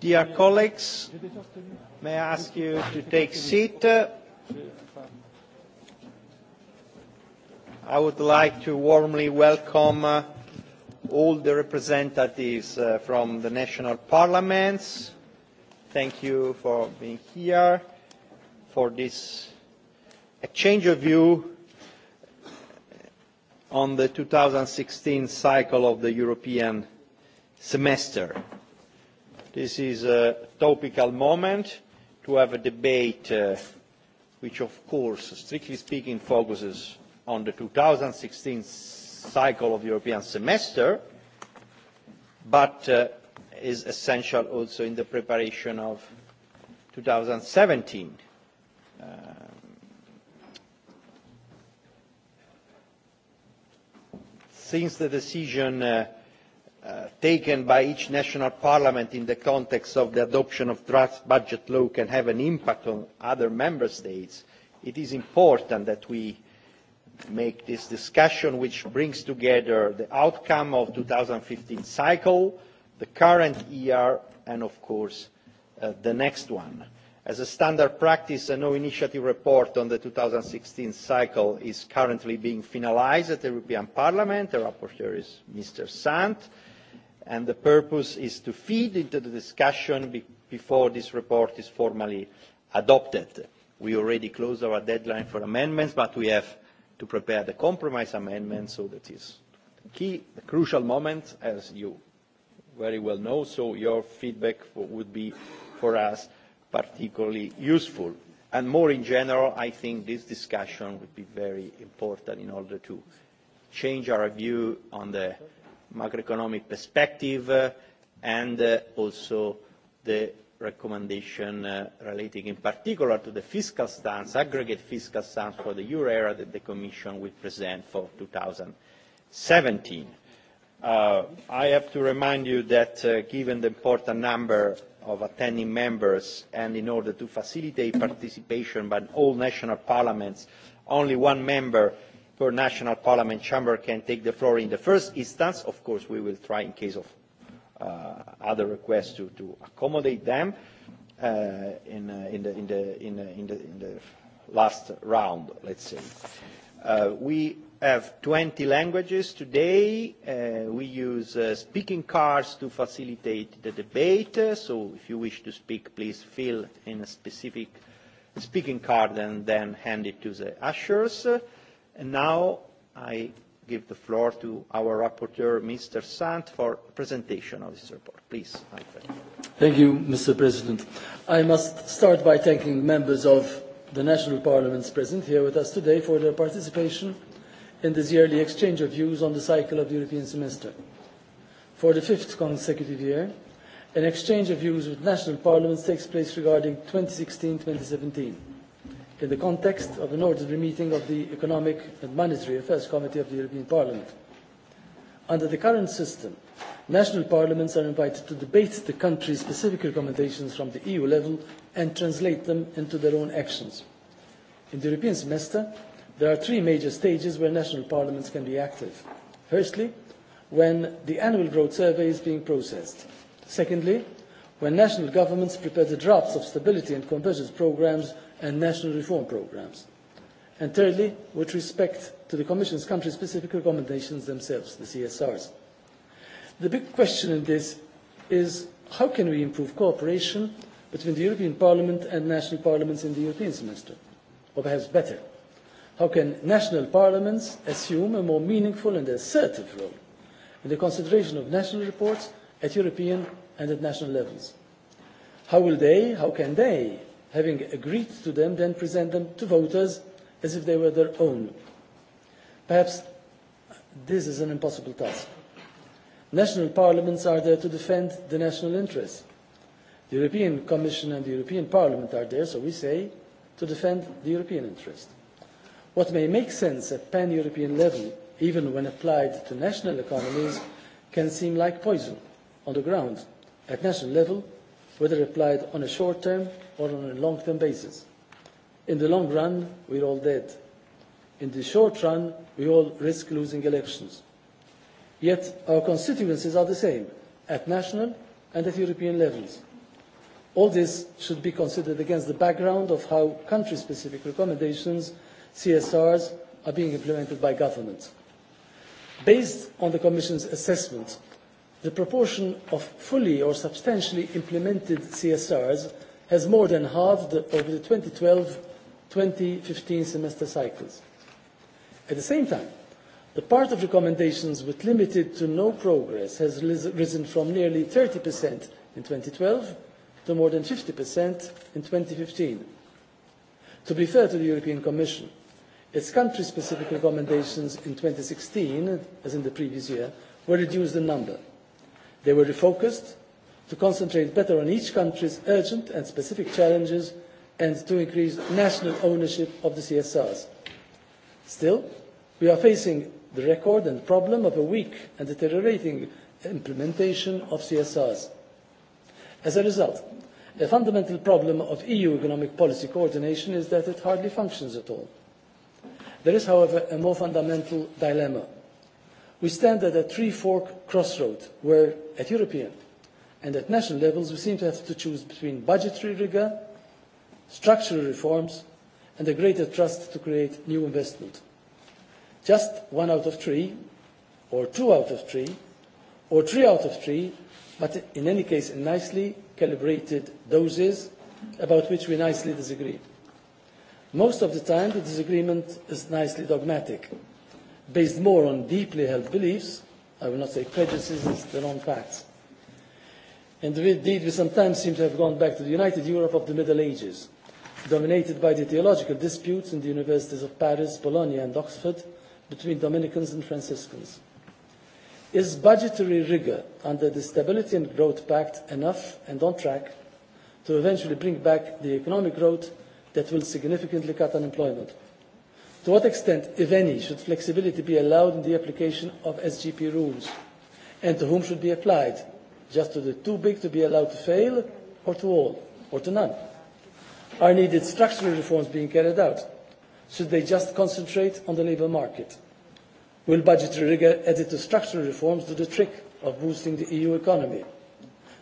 Dear colleagues, may I ask you to take seat? I would like to warmly welcome uh, all the representatives uh, from the national parliaments. Thank you for being here, for this exchange of view on the 2016 cycle of the European semester. This is a topical moment to have a debate uh, which of course, strictly speaking, focuses on the 2016 cycle of European semester, but uh, is essential also in the preparation of 2017. Uh, um, since the decision uh, Uh, taken by each national parliament in the context of the adoption of draft budget law can have an impact on other member states, it is important that we make this discussion which brings together the outcome of 2015 cycle, the current year, and of course uh, the next one. As a standard practice, a no-initiative report on the 2016 cycle is currently being finalized at the European Parliament. The rapporteur is Mr. Sant and the purpose is to feed into the discussion be before this report is formally adopted. We already closed our deadline for amendments, but we have to prepare the compromise amendment, so that is the key, the crucial moment, as you very well know, so your feedback would be for us particularly useful. And more in general, I think this discussion would be very important in order to change our view on the macroeconomic perspective uh, and uh, also the recommendation uh, relating in particular to the fiscal stance, aggregate fiscal stance for the euro area that the Commission will present for 2017. Uh, I have to remind you that uh, given the important number of attending members and in order to facilitate participation by all national parliaments, only one member per national parliament chamber can take the floor in the first instance. Of course, we will try in case of uh, other requests to, to accommodate them uh, uh, in, the, in the last round, let's say. Uh, we have 20 languages today. Uh, we use uh, speaking cards to facilitate the debate. Uh, so if you wish to speak, please fill in a specific speaking card and then hand it to the ushers. Uh, And now I give the floor to our rapporteur, Mr. Sant, for presentation of this report. Please, Alfred. Thank you, Mr. President. I must start by thanking members of the national parliaments present here with us today for their participation in this yearly exchange of views on the cycle of the European semester. For the fifth consecutive year, an exchange of views with national parliaments takes place regarding 2016-2017 in the context of an ordinary meeting of the Economic and Monetary Affairs Committee of the European Parliament. Under the current system, national parliaments are invited to debate the country's specific recommendations from the EU level and translate them into their own actions. In the European semester, there are three major stages where national parliaments can be active. Firstly, when the annual growth survey is being processed. Secondly, when national governments prepare the drafts of stability and convergence programs and national reform programs. And thirdly, with respect to the Commission's country-specific recommendations themselves, the CSRs. The big question in this is how can we improve cooperation between the European Parliament and national parliaments in the European semester? Or perhaps better, how can national parliaments assume a more meaningful and assertive role in the consideration of national reports at European and at national levels. How will they, how can they, having agreed to them, then present them to voters as if they were their own? Perhaps this is an impossible task. National parliaments are there to defend the national interests. The European Commission and the European Parliament are there, so we say, to defend the European interest. What may make sense at pan-European level, even when applied to national economies, can seem like poison on the ground at national level, whether applied on a short-term or on a long-term basis. In the long run, we're all dead. In the short run, we all risk losing elections. Yet our constituencies are the same at national and at European levels. All this should be considered against the background of how country-specific recommendations, CSRs, are being implemented by governments. Based on the Commission's assessment the proportion of fully or substantially implemented CSRs has more than halved over the 2012-2015 semester cycles. At the same time, the part of recommendations with limited to no progress has risen from nearly 30% in 2012 to more than 50% in 2015. To be fair to the European Commission, its country-specific recommendations in 2016, as in the previous year, were reduced in number – They were refocused to concentrate better on each country's urgent and specific challenges and to increase national ownership of the CSRs. Still, we are facing the record and problem of a weak and deteriorating implementation of CSRs. As a result, a fundamental problem of EU economic policy coordination is that it hardly functions at all. There is, however, a more fundamental dilemma – We stand at a three-fork crossroad where at European and at national levels we seem to have to choose between budgetary rigor, structural reforms and a greater trust to create new investment. Just one out of three, or two out of three, or three out of three, but in any case in nicely calibrated doses about which we nicely disagree. Most of the time the disagreement is nicely dogmatic based more on deeply held beliefs, I will not say prejudices than on facts. And indeed, we sometimes seem to have gone back to the United Europe of the Middle Ages, dominated by the theological disputes in the universities of Paris, Bologna and Oxford between Dominicans and Franciscans. Is budgetary rigour under the Stability and Growth Pact enough and on track to eventually bring back the economic growth that will significantly cut unemployment? To what extent, if any, should flexibility be allowed in the application of SGP rules? And to whom should be applied? Just to the too big to be allowed to fail, or to all, or to none? Are needed structural reforms being carried out? Should they just concentrate on the labour market? Will budgetary rigour added to structural reforms do the trick of boosting the EU economy?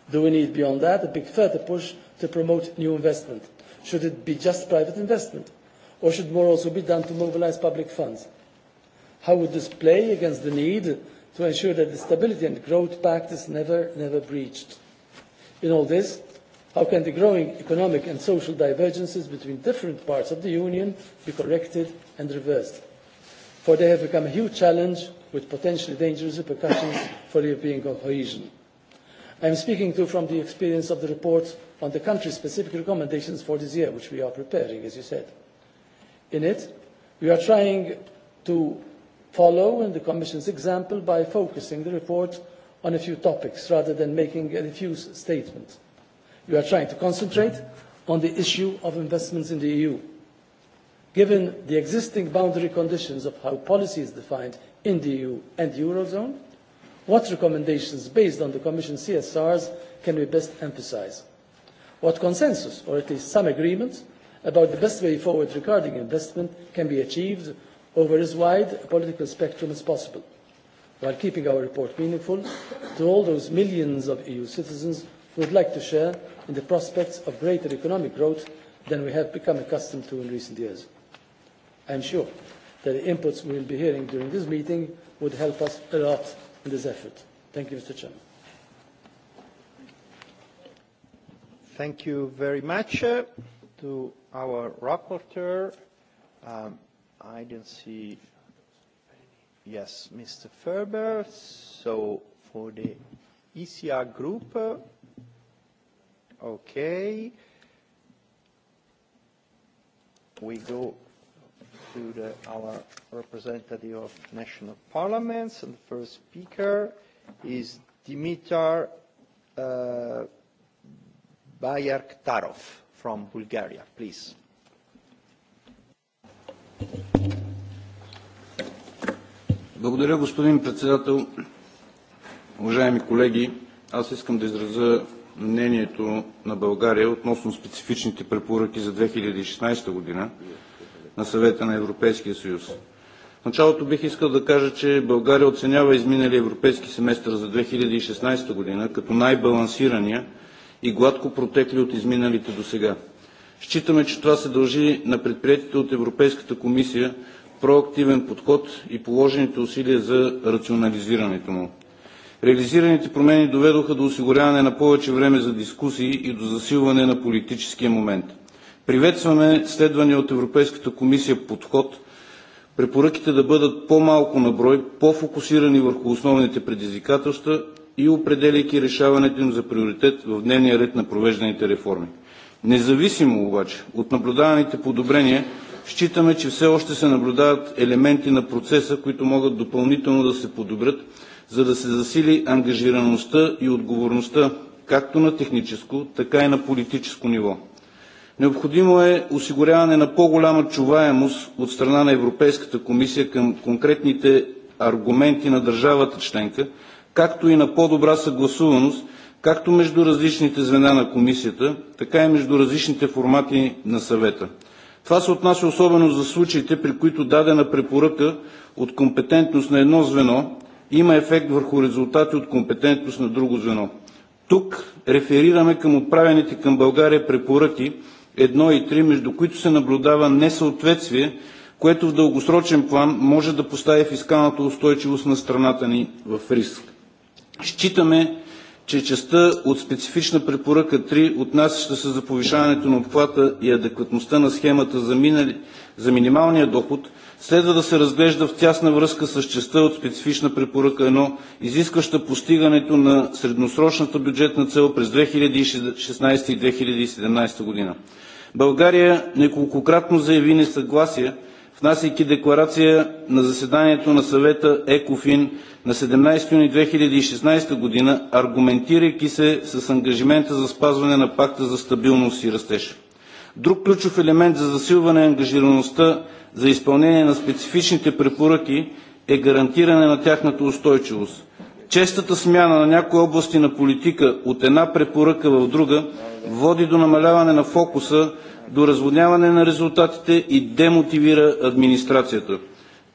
Do we need beyond that a big further push to promote new investment? Should it be just private investment? or should more also be done to mobilize public funds? How would this play against the need to ensure that the Stability and Growth Pact is never, never breached? In all this, how can the growing economic and social divergences between different parts of the Union be corrected and reversed? For they have become a huge challenge with potentially dangerous repercussions for European cohesion. I am speaking to from the experience of the report on the country-specific recommendations for this year, which we are preparing, as you said in it. We are trying to follow in the Commission's example by focusing the report on a few topics rather than making a diffuse statement. We are trying to concentrate on the issue of investments in the EU. Given the existing boundary conditions of how policy is defined in the EU and the Eurozone, what recommendations based on the Commission CSRs can we best emphasize? What consensus, or at least some agreements? about the best way forward regarding investment can be achieved over as wide a political spectrum as possible, while keeping our report meaningful to all those millions of EU citizens who would like to share in the prospects of greater economic growth than we have become accustomed to in recent years. I am sure that the inputs we will be hearing during this meeting would help us a lot in this effort. Thank you, Mr. Chairman. Thank you very much to our rapporteur. Um, I don't see, yes, Mr. Ferber. So for the ECR group, okay. We go to the, our representative of national parliaments, and the first speaker is Dimitar uh, Bayraktarov from Bulgaria. Please. Благодаря, господин председател. Уважаеми колеги, аз искам да изразя мнението на България относно специфичните препоръки за 2016 година на съвета на Европейския съюз. В началото бих искал да кажа, че България оценява изминалия европейски семестър за 2016 година като най-балансирания – и гладко протекли от изминалите до сега. Считаме, че това се дължи на предприятите от Европейската комисия проактивен подход и положените усилия за рационализирането му. Реализираните промени доведоха до осигуряване на повече време за дискусии и до засилване на политическия момент. Приветстваме следвания от Европейската комисия подход препоръките да бъдат по-малко на брой, по-фокусирани върху основните предизвикателства и определяйки решаването им за приоритет в дневния ред на провежданите реформи. Независимо обаче от наблюдаваните подобрения, считаме, че все още се наблюдават елементи на процеса, които могат допълнително да се подобрят, за да се засили ангажираността и отговорността както на техническо, така и на политическо ниво. Необходимо е осигуряване на по-голяма чуваемост от страна на Европейската комисия към конкретните аргументи на държавата членка – както и на по-добра съгласуваност както между различните звена на комисията, така и между различните формати на съвета. Това се отнася особено за случаите, при които дадена препоръка от компетентност на едно звено има ефект върху резултати от компетентност на друго звено. Тук реферираме към отправените към България препоръки 1 и 3, между които се наблюдава несъответствие, което в дългосрочен план може да постави фискалната устойчивост на страната ни в риск. Считаме, че частта от специфична препоръка 3, отнасяща се за повишаването на обхвата и адекватността на схемата за, минали, за минималния доход, следва да се разглежда в тясна връзка с частта от специфична препоръка 1, изискваща постигането на средносрочната бюджетна цел през 2016 и 2017 година. България неколкократно заяви несъгласие внасяйки декларация на заседанието на съвета ЕКОФИН на 17 юни 2016 година, аргументирайки се с ангажимента за спазване на пакта за стабилност и растеж. Друг ключов елемент за засилване на ангажираността за изпълнение на специфичните препоръки е гарантиране на тяхната устойчивост. Честата смяна на някои области на политика от една препоръка в друга води до намаляване на фокуса до разводняване на резултатите и демотивира администрацията.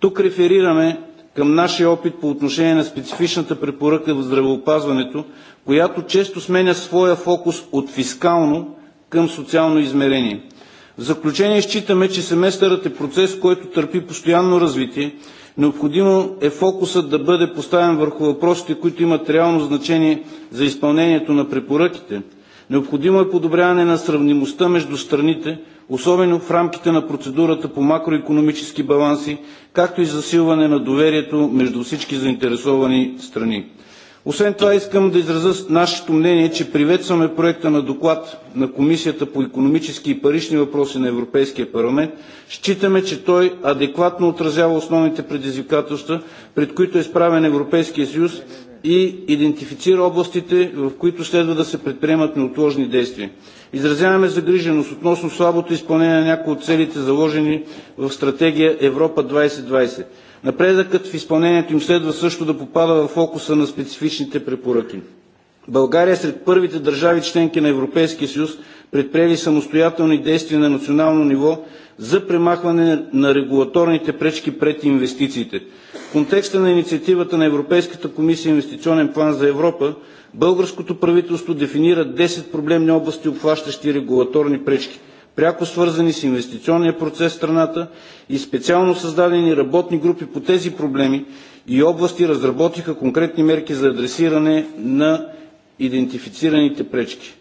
Тук реферираме към нашия опит по отношение на специфичната препоръка в здравеопазването, която често сменя своя фокус от фискално към социално измерение. В заключение считаме, че семестърът е процес, който търпи постоянно развитие. Необходимо е фокусът да бъде поставен върху въпросите, които имат реално значение за изпълнението на препоръките – Необходимо е подобряване на сравнимостта между страните, особено в рамките на процедурата по макроекономически баланси, както и засилване на доверието между всички заинтересовани страни. Освен това искам да изразя нашето мнение, че приветстваме проекта на доклад на Комисията по економически и парични въпроси на Европейския парламент. Считаме, че той адекватно отразява основните предизвикателства, пред които е изправен Европейския съюз и идентифицира областите, в които следва да се предприемат неотложни действия. Изразяваме загриженост относно слабото изпълнение на някои от целите, заложени в стратегия Европа 2020. Напредъкът в изпълнението им следва също да попада в фокуса на специфичните препоръки. България е сред първите държави членки на Европейския съюз, предприели самостоятелни действия на национално ниво за премахване на регулаторните пречки пред инвестициите. В контекста на инициативата на Европейската комисия Инвестиционен план за Европа, българското правителство дефинира 10 проблемни области, обхващащи регулаторни пречки, пряко свързани с инвестиционния процес в страната и специално създадени работни групи по тези проблеми и области разработиха конкретни мерки за адресиране на идентифицираните пречки.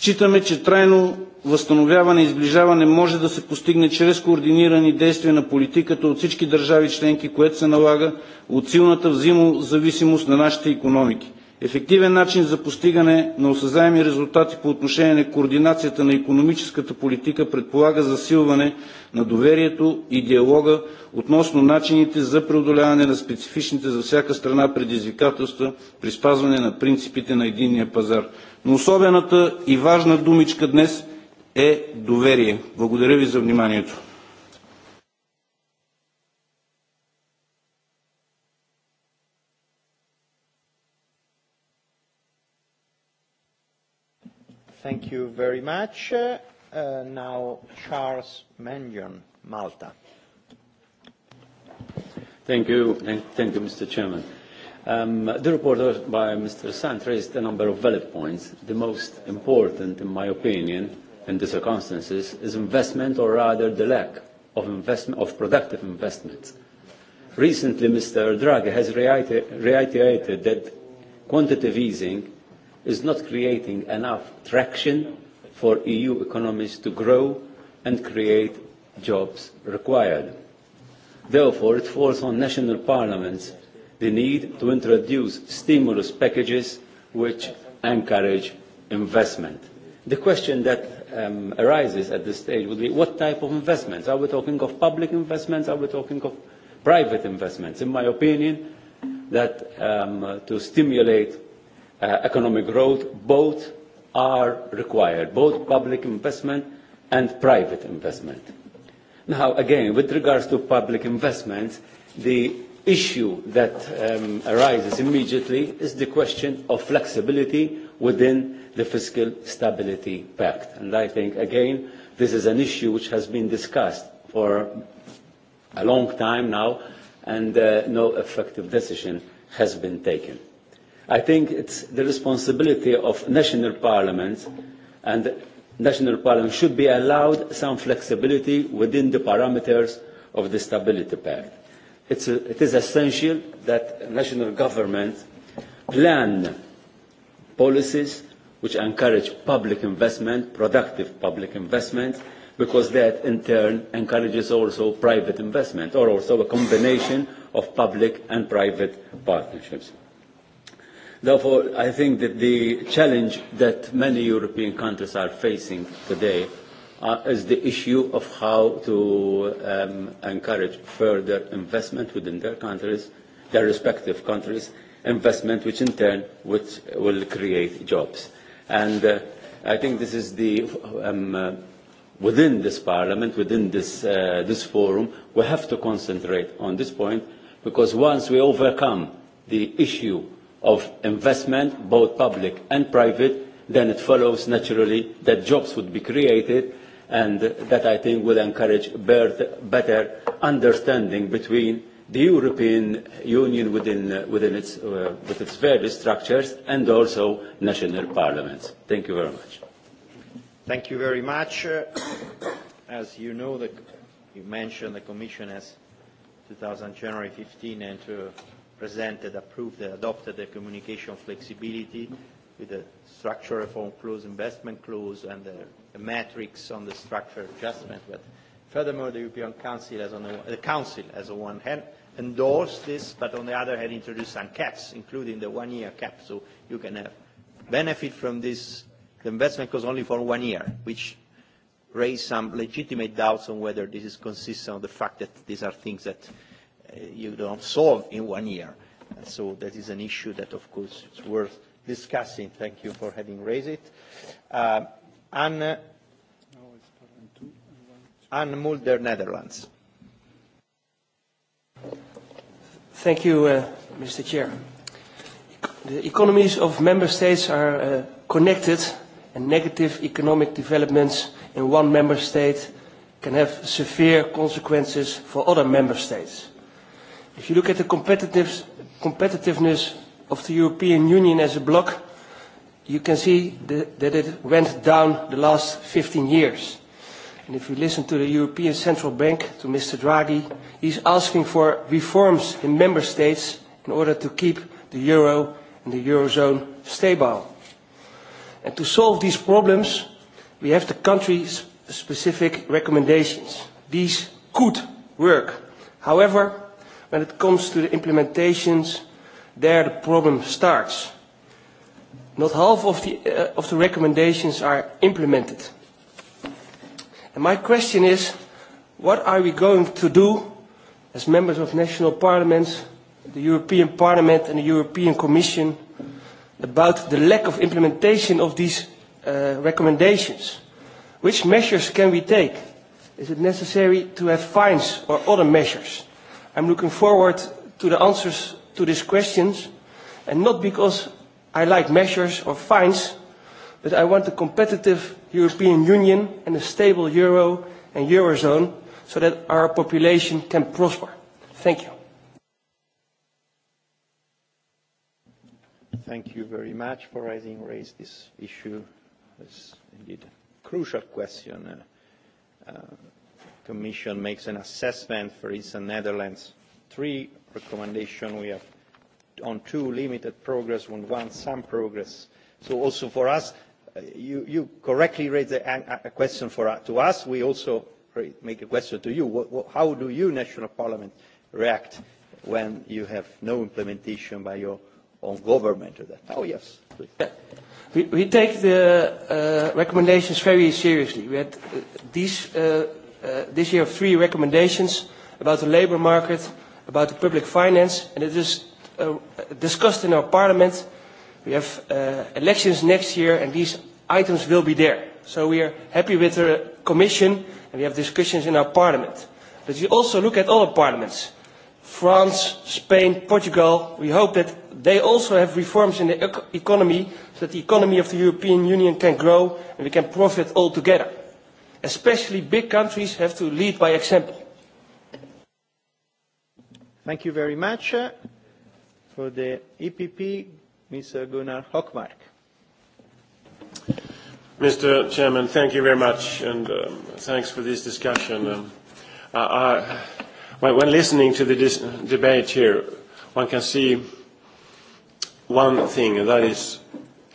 Считаме, че трайно възстановяване и сближаване може да се постигне чрез координирани действия на политиката от всички държави членки, което се налага от силната взаимозависимост на нашите економики. Ефективен начин за постигане на осъзаеми резултати по отношение на координацията на економическата политика предполага засилване на доверието и диалога относно начините за преодоляване на специфичните за всяка страна предизвикателства при спазване на принципите на единния пазар. Но особената и важна думичка днес е доверие. Благодаря ви за вниманието. Thank you very much. Uh, now, Charles Mangion, Malta. Thank you. Thank you, Mr. Chairman. Um, the report by Mr. Sant raised a number of valid points. The most important, in my opinion, in the circumstances, is investment, or rather the lack of, investment, of productive investments. Recently, Mr. Draghi has reiterated that quantitative easing is not creating enough traction for EU economies to grow and create jobs required. Therefore, it falls on national parliaments the need to introduce stimulus packages which encourage investment. The question that um, arises at this stage would be what type of investments? Are we talking of public investments? Are we talking of private investments? In my opinion, that um, to stimulate uh, economic growth, both are required, both public investment and private investment. Now, again, with regards to public investments, the issue that um, arises immediately is the question of flexibility within the Fiscal Stability Pact. And I think, again, this is an issue which has been discussed for a long time now, and uh, no effective decision has been taken. I think it's the responsibility of national parliaments, and national parliaments should be allowed some flexibility within the parameters of the Stability Pact it's a, it is essential that national government plan policies which encourage public investment, productive public investment, because that in turn encourages also private investment or also a combination of public and private partnerships. Therefore, I think that the challenge that many European countries are facing today uh, is the issue of how to um, encourage further investment within their countries, their respective countries, investment which in turn which will create jobs. And uh, I think this is the, um, uh, within this parliament, within this, uh, this forum, we have to concentrate on this point because once we overcome the issue of investment, both public and private, then it follows naturally that jobs would be created and that I think will encourage better understanding between the European Union within, within its, uh, with its various structures and also national parliaments. Thank you very much. Thank you very much. Uh, as you know, the, you mentioned the Commission has 2000 January 15 and uh, presented, approved, and adopted the communication flexibility with the structure reform clause, investment clause, and the a matrix on the structure adjustment. But furthermore, the European Council, as on the, the Council, as on one hand, endorsed this, but on the other hand, introduced some caps, including the one-year cap. So you can have benefit from this. The investment goes only for one year, which raised some legitimate doubts on whether this is consistent on the fact that these are things that uh, you don't solve in one year. And so that is an issue that, of course, it's worth discussing. Thank you for having raised it. Uh, Anne, Anne Mulder, Netherlands. Thank you, uh, Mr. Chair. The economies of member states are uh, connected and negative economic developments in one member state can have severe consequences for other member states. If you look at the competitive, competitiveness of the European Union as a bloc, you can see that it went down the last 15 years. And if you listen to the European Central Bank, to Mr. Draghi, he's asking for reforms in member states in order to keep the euro and the eurozone stable. And to solve these problems, we have the country-specific recommendations. These could work. However, when it comes to the implementations, there the problem starts. Not half of the, uh, of the recommendations are implemented. And my question is, what are we going to do as members of national parliaments, the European Parliament and the European Commission about the lack of implementation of these uh, recommendations? Which measures can we take? Is it necessary to have fines or other measures? I'm looking forward to the answers to these questions, and not because I like measures or fines, but I want a competitive European Union and a stable euro and eurozone so that our population can prosper. Thank you. Thank you very much for raising raise this issue. It's indeed a crucial question. Uh, uh, Commission makes an assessment, for instance, Netherlands. Three recommendations we have on two, limited progress when one, some progress. So also for us, uh, you, you correctly raised a, a question for, to us. We also make a question to you. What, what, how do you, national parliament, react when you have no implementation by your own government to that? Oh, yes. We, we take the uh, recommendations very seriously. We had uh, these, uh, uh, this year three recommendations about the labor market, about the public finance, and it is Uh, discussed in our parliament. We have uh, elections next year and these items will be there. So we are happy with the commission and we have discussions in our parliament. But you also look at other parliaments. France, Spain, Portugal, we hope that they also have reforms in the e-, economy so that the economy of the European Union can grow and we can profit all together. Especially big countries have to lead by example. Thank you very much for the EPP, Mr. Gunnar Hockmark. Mr. Chairman, thank you very much, and um, thanks for this discussion. Um, I, I, when, when listening to the dis debate here, one can see one thing, and that is,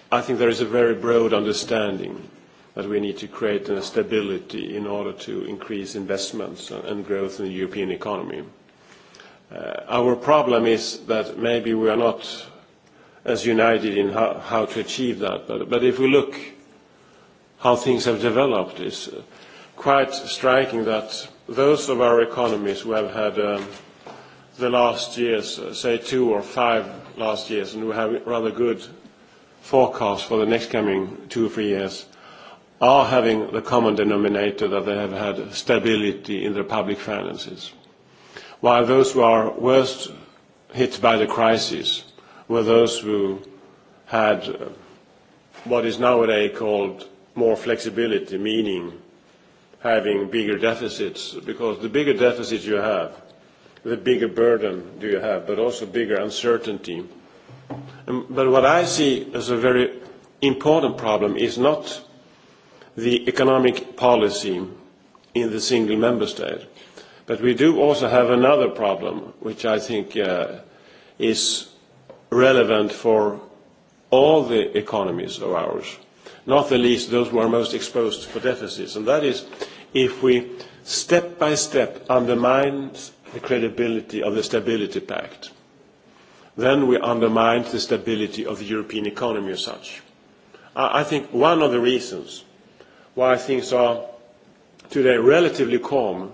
I think there is a very broad understanding that we need to create a stability in order to increase investments and growth in the European economy. Uh, our problem is that maybe we are not as united in how, how to achieve that. But, but if we look how things have developed, it's uh, quite striking that those of our economies who have had um, the last years, uh, say two or five last years, and who have rather good forecasts for the next coming two or three years, are having the common denominator that they have had stability in their public finances while those who are worst hit by the crisis were those who had uh, what is nowadays called more flexibility, meaning having bigger deficits, because the bigger deficit you have, the bigger burden do you have, but also bigger uncertainty. Um, but what I see as a very important problem is not the economic policy in the single member state, But we do also have another problem, which I think uh, is relevant for all the economies of ours, not the least those who are most exposed for deficits, and that is if we step by step undermine the credibility of the Stability Pact, then we undermine the stability of the European economy as such. I think one of the reasons why things are today relatively calm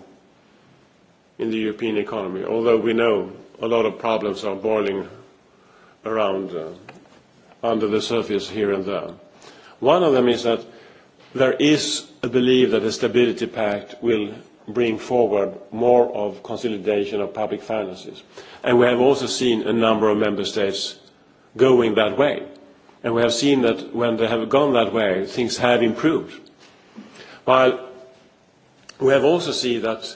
in the European economy, although we know a lot of problems are boiling around uh, under the surface here and there. One of them is that there is a belief that the Stability Pact will bring forward more of consolidation of public finances. And we have also seen a number of member states going that way. And we have seen that when they have gone that way, things have improved. While we have also seen that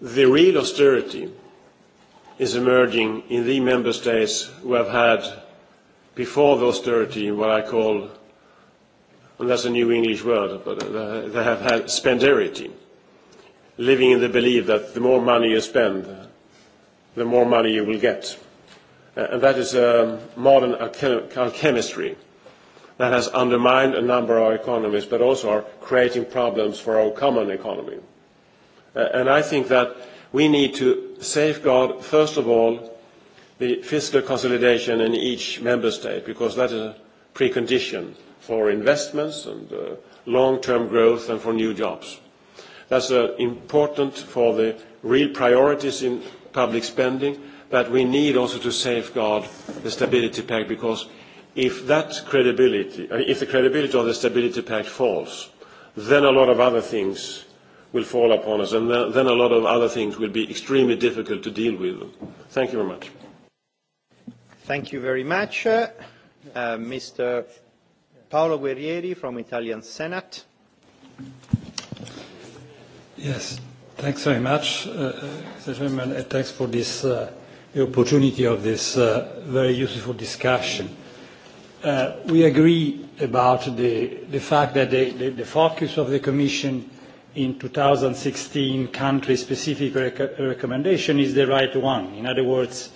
the real austerity is emerging in the member states who have had before the austerity what I call, and that's a new English word, but they have had spenderity, living in the belief that the more money you spend, the more money you will get. Uh, and that is a um, modern alchemistry that has undermined a number of our economies, but also are creating problems for our common economy. Uh, and I think that we need to safeguard, first of all, the fiscal consolidation in each member state, because that is a precondition for investments and uh, long-term growth and for new jobs. That's uh, important for the real priorities in public spending, but we need also to safeguard the Stability Pact, because if that credibility, uh, if the credibility of the Stability Pact falls, then a lot of other things will fall upon us, and then a lot of other things will be extremely difficult to deal with. Thank you very much. Thank you very much. Uh, uh Mr. Paolo Guerrieri from Italian Senate. Yes, thanks very much, uh, uh Mr. Chairman, and thanks for this uh, opportunity of this uh, very useful discussion. Uh, we agree about the, the fact that the, the, the focus of the Commission in 2016 country-specific rec recommendation is the right one. In other words,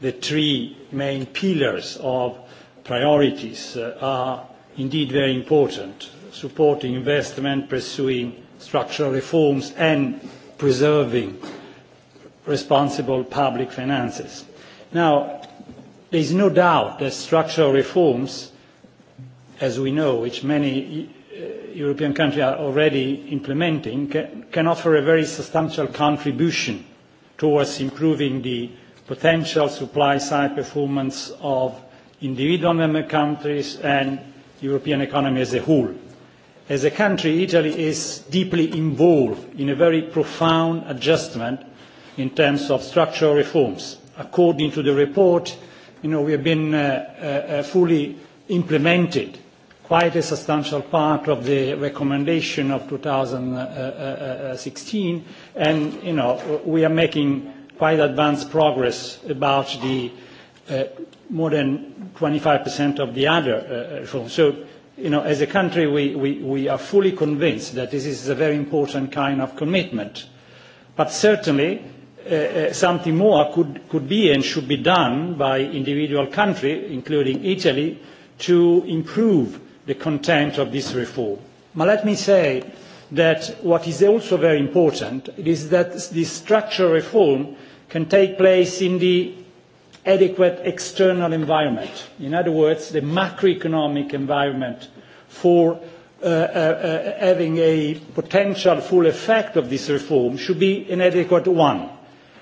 the three main pillars of priorities uh, are indeed very important, supporting investment, pursuing structural reforms and preserving responsible public finances. Now, there is no doubt that structural reforms, as we know, which many Uh, European countries are already implementing can, can offer a very substantial contribution towards improving the potential supply side performance of individual member countries and European economy as a whole. As a country, Italy is deeply involved in a very profound adjustment in terms of structural reforms. According to the report, you know, we have been uh, uh, uh fully implemented quite a substantial part of the recommendation of 2016 and you know we are making quite advanced progress about the uh, more than 25% of the other uh, uh So, you know, as a country, we, we, we are fully convinced that this is a very important kind of commitment. But certainly, uh, uh something more could, could be and should be done by individual country, including Italy, to improve the content of this reform. But let me say that what is also very important is that this structural reform can take place in the adequate external environment. In other words, the macroeconomic environment for uh, uh, uh, having a potential full effect of this reform should be an adequate one.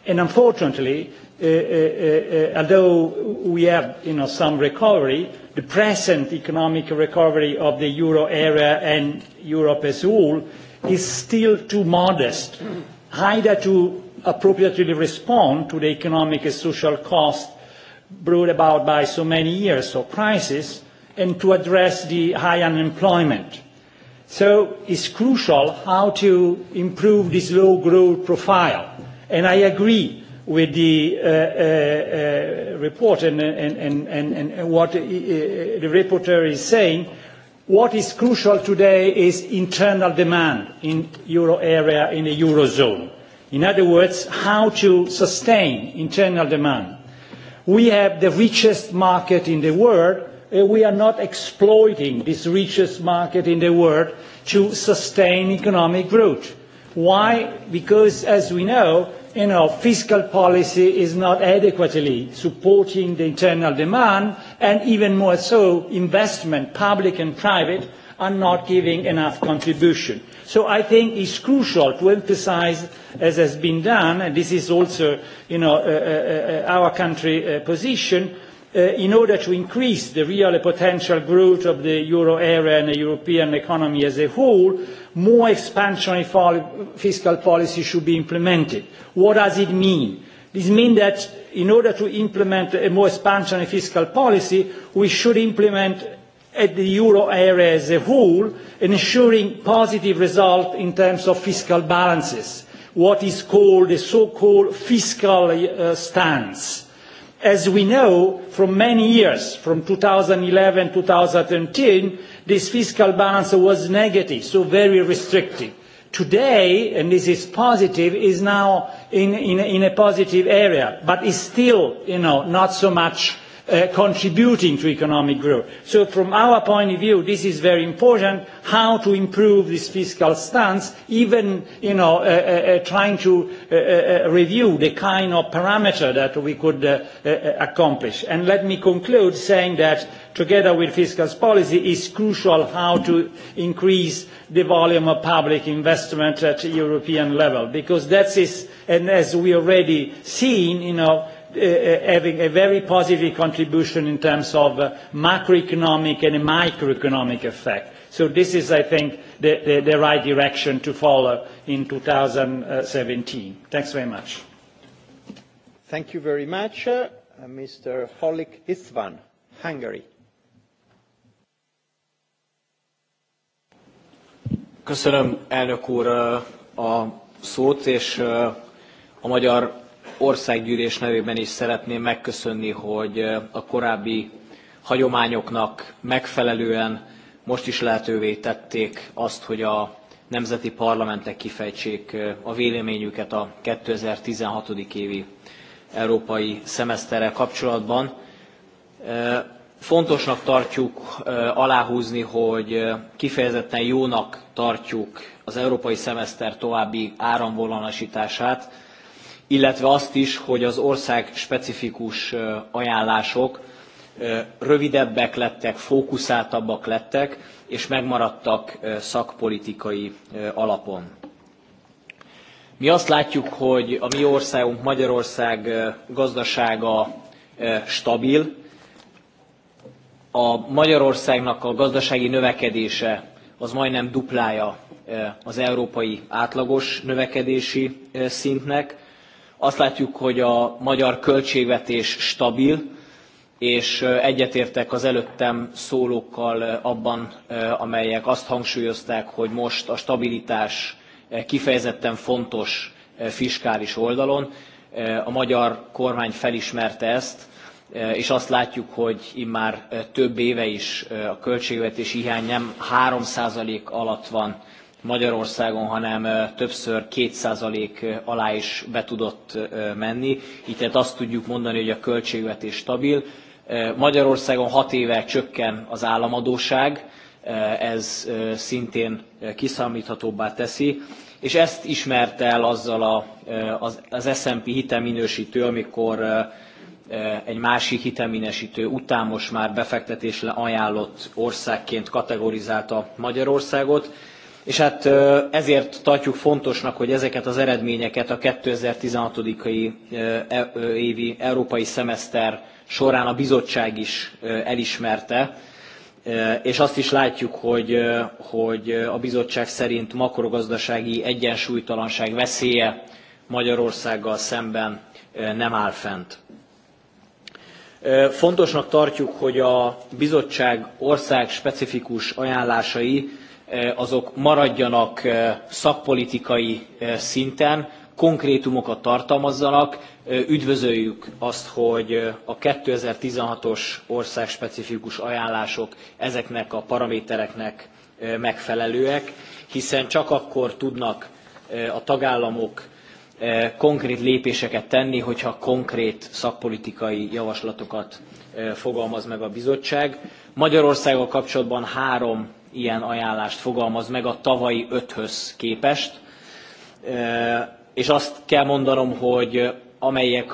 And unfortunately, uh, uh, uh, although we have you know, some recovery, the present economic recovery of the euro area and Europe as a whole is still too modest, either to appropriately respond to the economic and social cost brought about by so many years of crisis and to address the high unemployment. So it's crucial how to improve this low growth profile. And I agree with the uh, uh, uh, report and, and, and, and, and what uh, uh, the reporter is saying, what is crucial today is internal demand in euro area, in the eurozone. In other words, how to sustain internal demand. We have the richest market in the world, and we are not exploiting this richest market in the world to sustain economic growth. Why? Because, as we know, you know, fiscal policy is not adequately supporting the internal demand, and even more so, investment, public and private, are not giving enough contribution. So I think it's crucial to emphasize, as has been done, and this is also, you know, uh, uh, uh, our country uh, position, uh, in order to increase the real potential growth of the euro area and the European economy as a whole, more expansionary fiscal policy should be implemented. What does it mean? This means that in order to implement a more expansionary fiscal policy, we should implement at the euro area as a whole, ensuring positive results in terms of fiscal balances, what is called the so-called fiscal uh, stance As we know from many years, from 2011, 2013, this fiscal balance was negative, so very restrictive. Today, and this is positive, is now in, in, in a positive area, but is still, you know, not so much Uh, contributing to economic growth. So from our point of view, this is very important, how to improve this fiscal stance, even you know, uh, uh, uh, trying to uh, uh, uh review the kind of parameter that we could uh, uh, accomplish. And let me conclude saying that together with fiscal policy is crucial how to increase the volume of public investment at European level because that is, and as we already seen, you know, uh, having a very positive contribution in terms of uh, macroeconomic and microeconomic effect. So this is, I think, the, the, the right direction to follow in 2017. Thanks very much. Thank you very much, uh, Mr. Holik Istvan, Hungary. Köszönöm elnök úr uh, a szót, és uh, a magyar országgyűlés nevében is szeretném megköszönni, hogy eh, a korábbi hagyományoknak megfelelően most is lehetővé tették azt, hogy a nemzeti parlamentek kifejtsék eh, a véleményüket a 2016. évi európai szemeszterrel kapcsolatban. Eh, fontosnak tartjuk aláhúzni, hogy kifejezetten jónak tartjuk az európai szemeszter további áramvonalasítását, illetve azt is, hogy az ország specifikus ajánlások rövidebbek lettek, fókuszáltabbak lettek, és megmaradtak szakpolitikai alapon. Mi azt látjuk, hogy a mi országunk, Magyarország gazdasága stabil. A Magyarországnak a gazdasági növekedése az majdnem duplája az európai átlagos növekedési szintnek. Azt látjuk, hogy a magyar költségvetés stabil, és egyetértek az előttem szólókkal abban, amelyek azt hangsúlyozták, hogy most a stabilitás kifejezetten fontos fiskális oldalon. A magyar kormány felismerte ezt, és azt látjuk, hogy immár több éve is a költségvetési hiány nem 3% alatt van Magyarországon, hanem többször 2% alá is be tudott menni. Így tehát azt tudjuk mondani, hogy a költségvetés stabil. Magyarországon 6 éve csökken az államadóság, ez szintén kiszámíthatóbbá teszi, és ezt ismerte el azzal az, az S&P hitelminősítő, amikor egy másik hiteminesítő után most már befektetésre ajánlott országként kategorizálta Magyarországot És hát ezért tartjuk fontosnak, hogy ezeket az eredményeket a 2016-ai e, évi európai szemeszter során a bizottság is elismerte, és azt is látjuk, hogy, hogy a bizottság szerint makrogazdasági egyensúlytalanság veszélye Magyarországgal szemben nem áll fent. Fontosnak tartjuk, hogy a bizottság ország specifikus ajánlásai Eh, azok maradjanak eh, szakpolitikai eh, szinten, konkrétumokat tartalmazzanak. Üdvözöljük azt, hogy a 2016-os országspecifikus ajánlások ezeknek a paramétereknek megfelelőek, hiszen csak akkor tudnak a tagállamok konkrét lépéseket tenni, hogyha konkrét szakpolitikai javaslatokat fogalmaz meg a bizottság. Magyarországgal kapcsolatban három ilyen ajánlást fogalmaz meg a tavalyi öthöz képest. És azt kell mondanom, hogy amelyek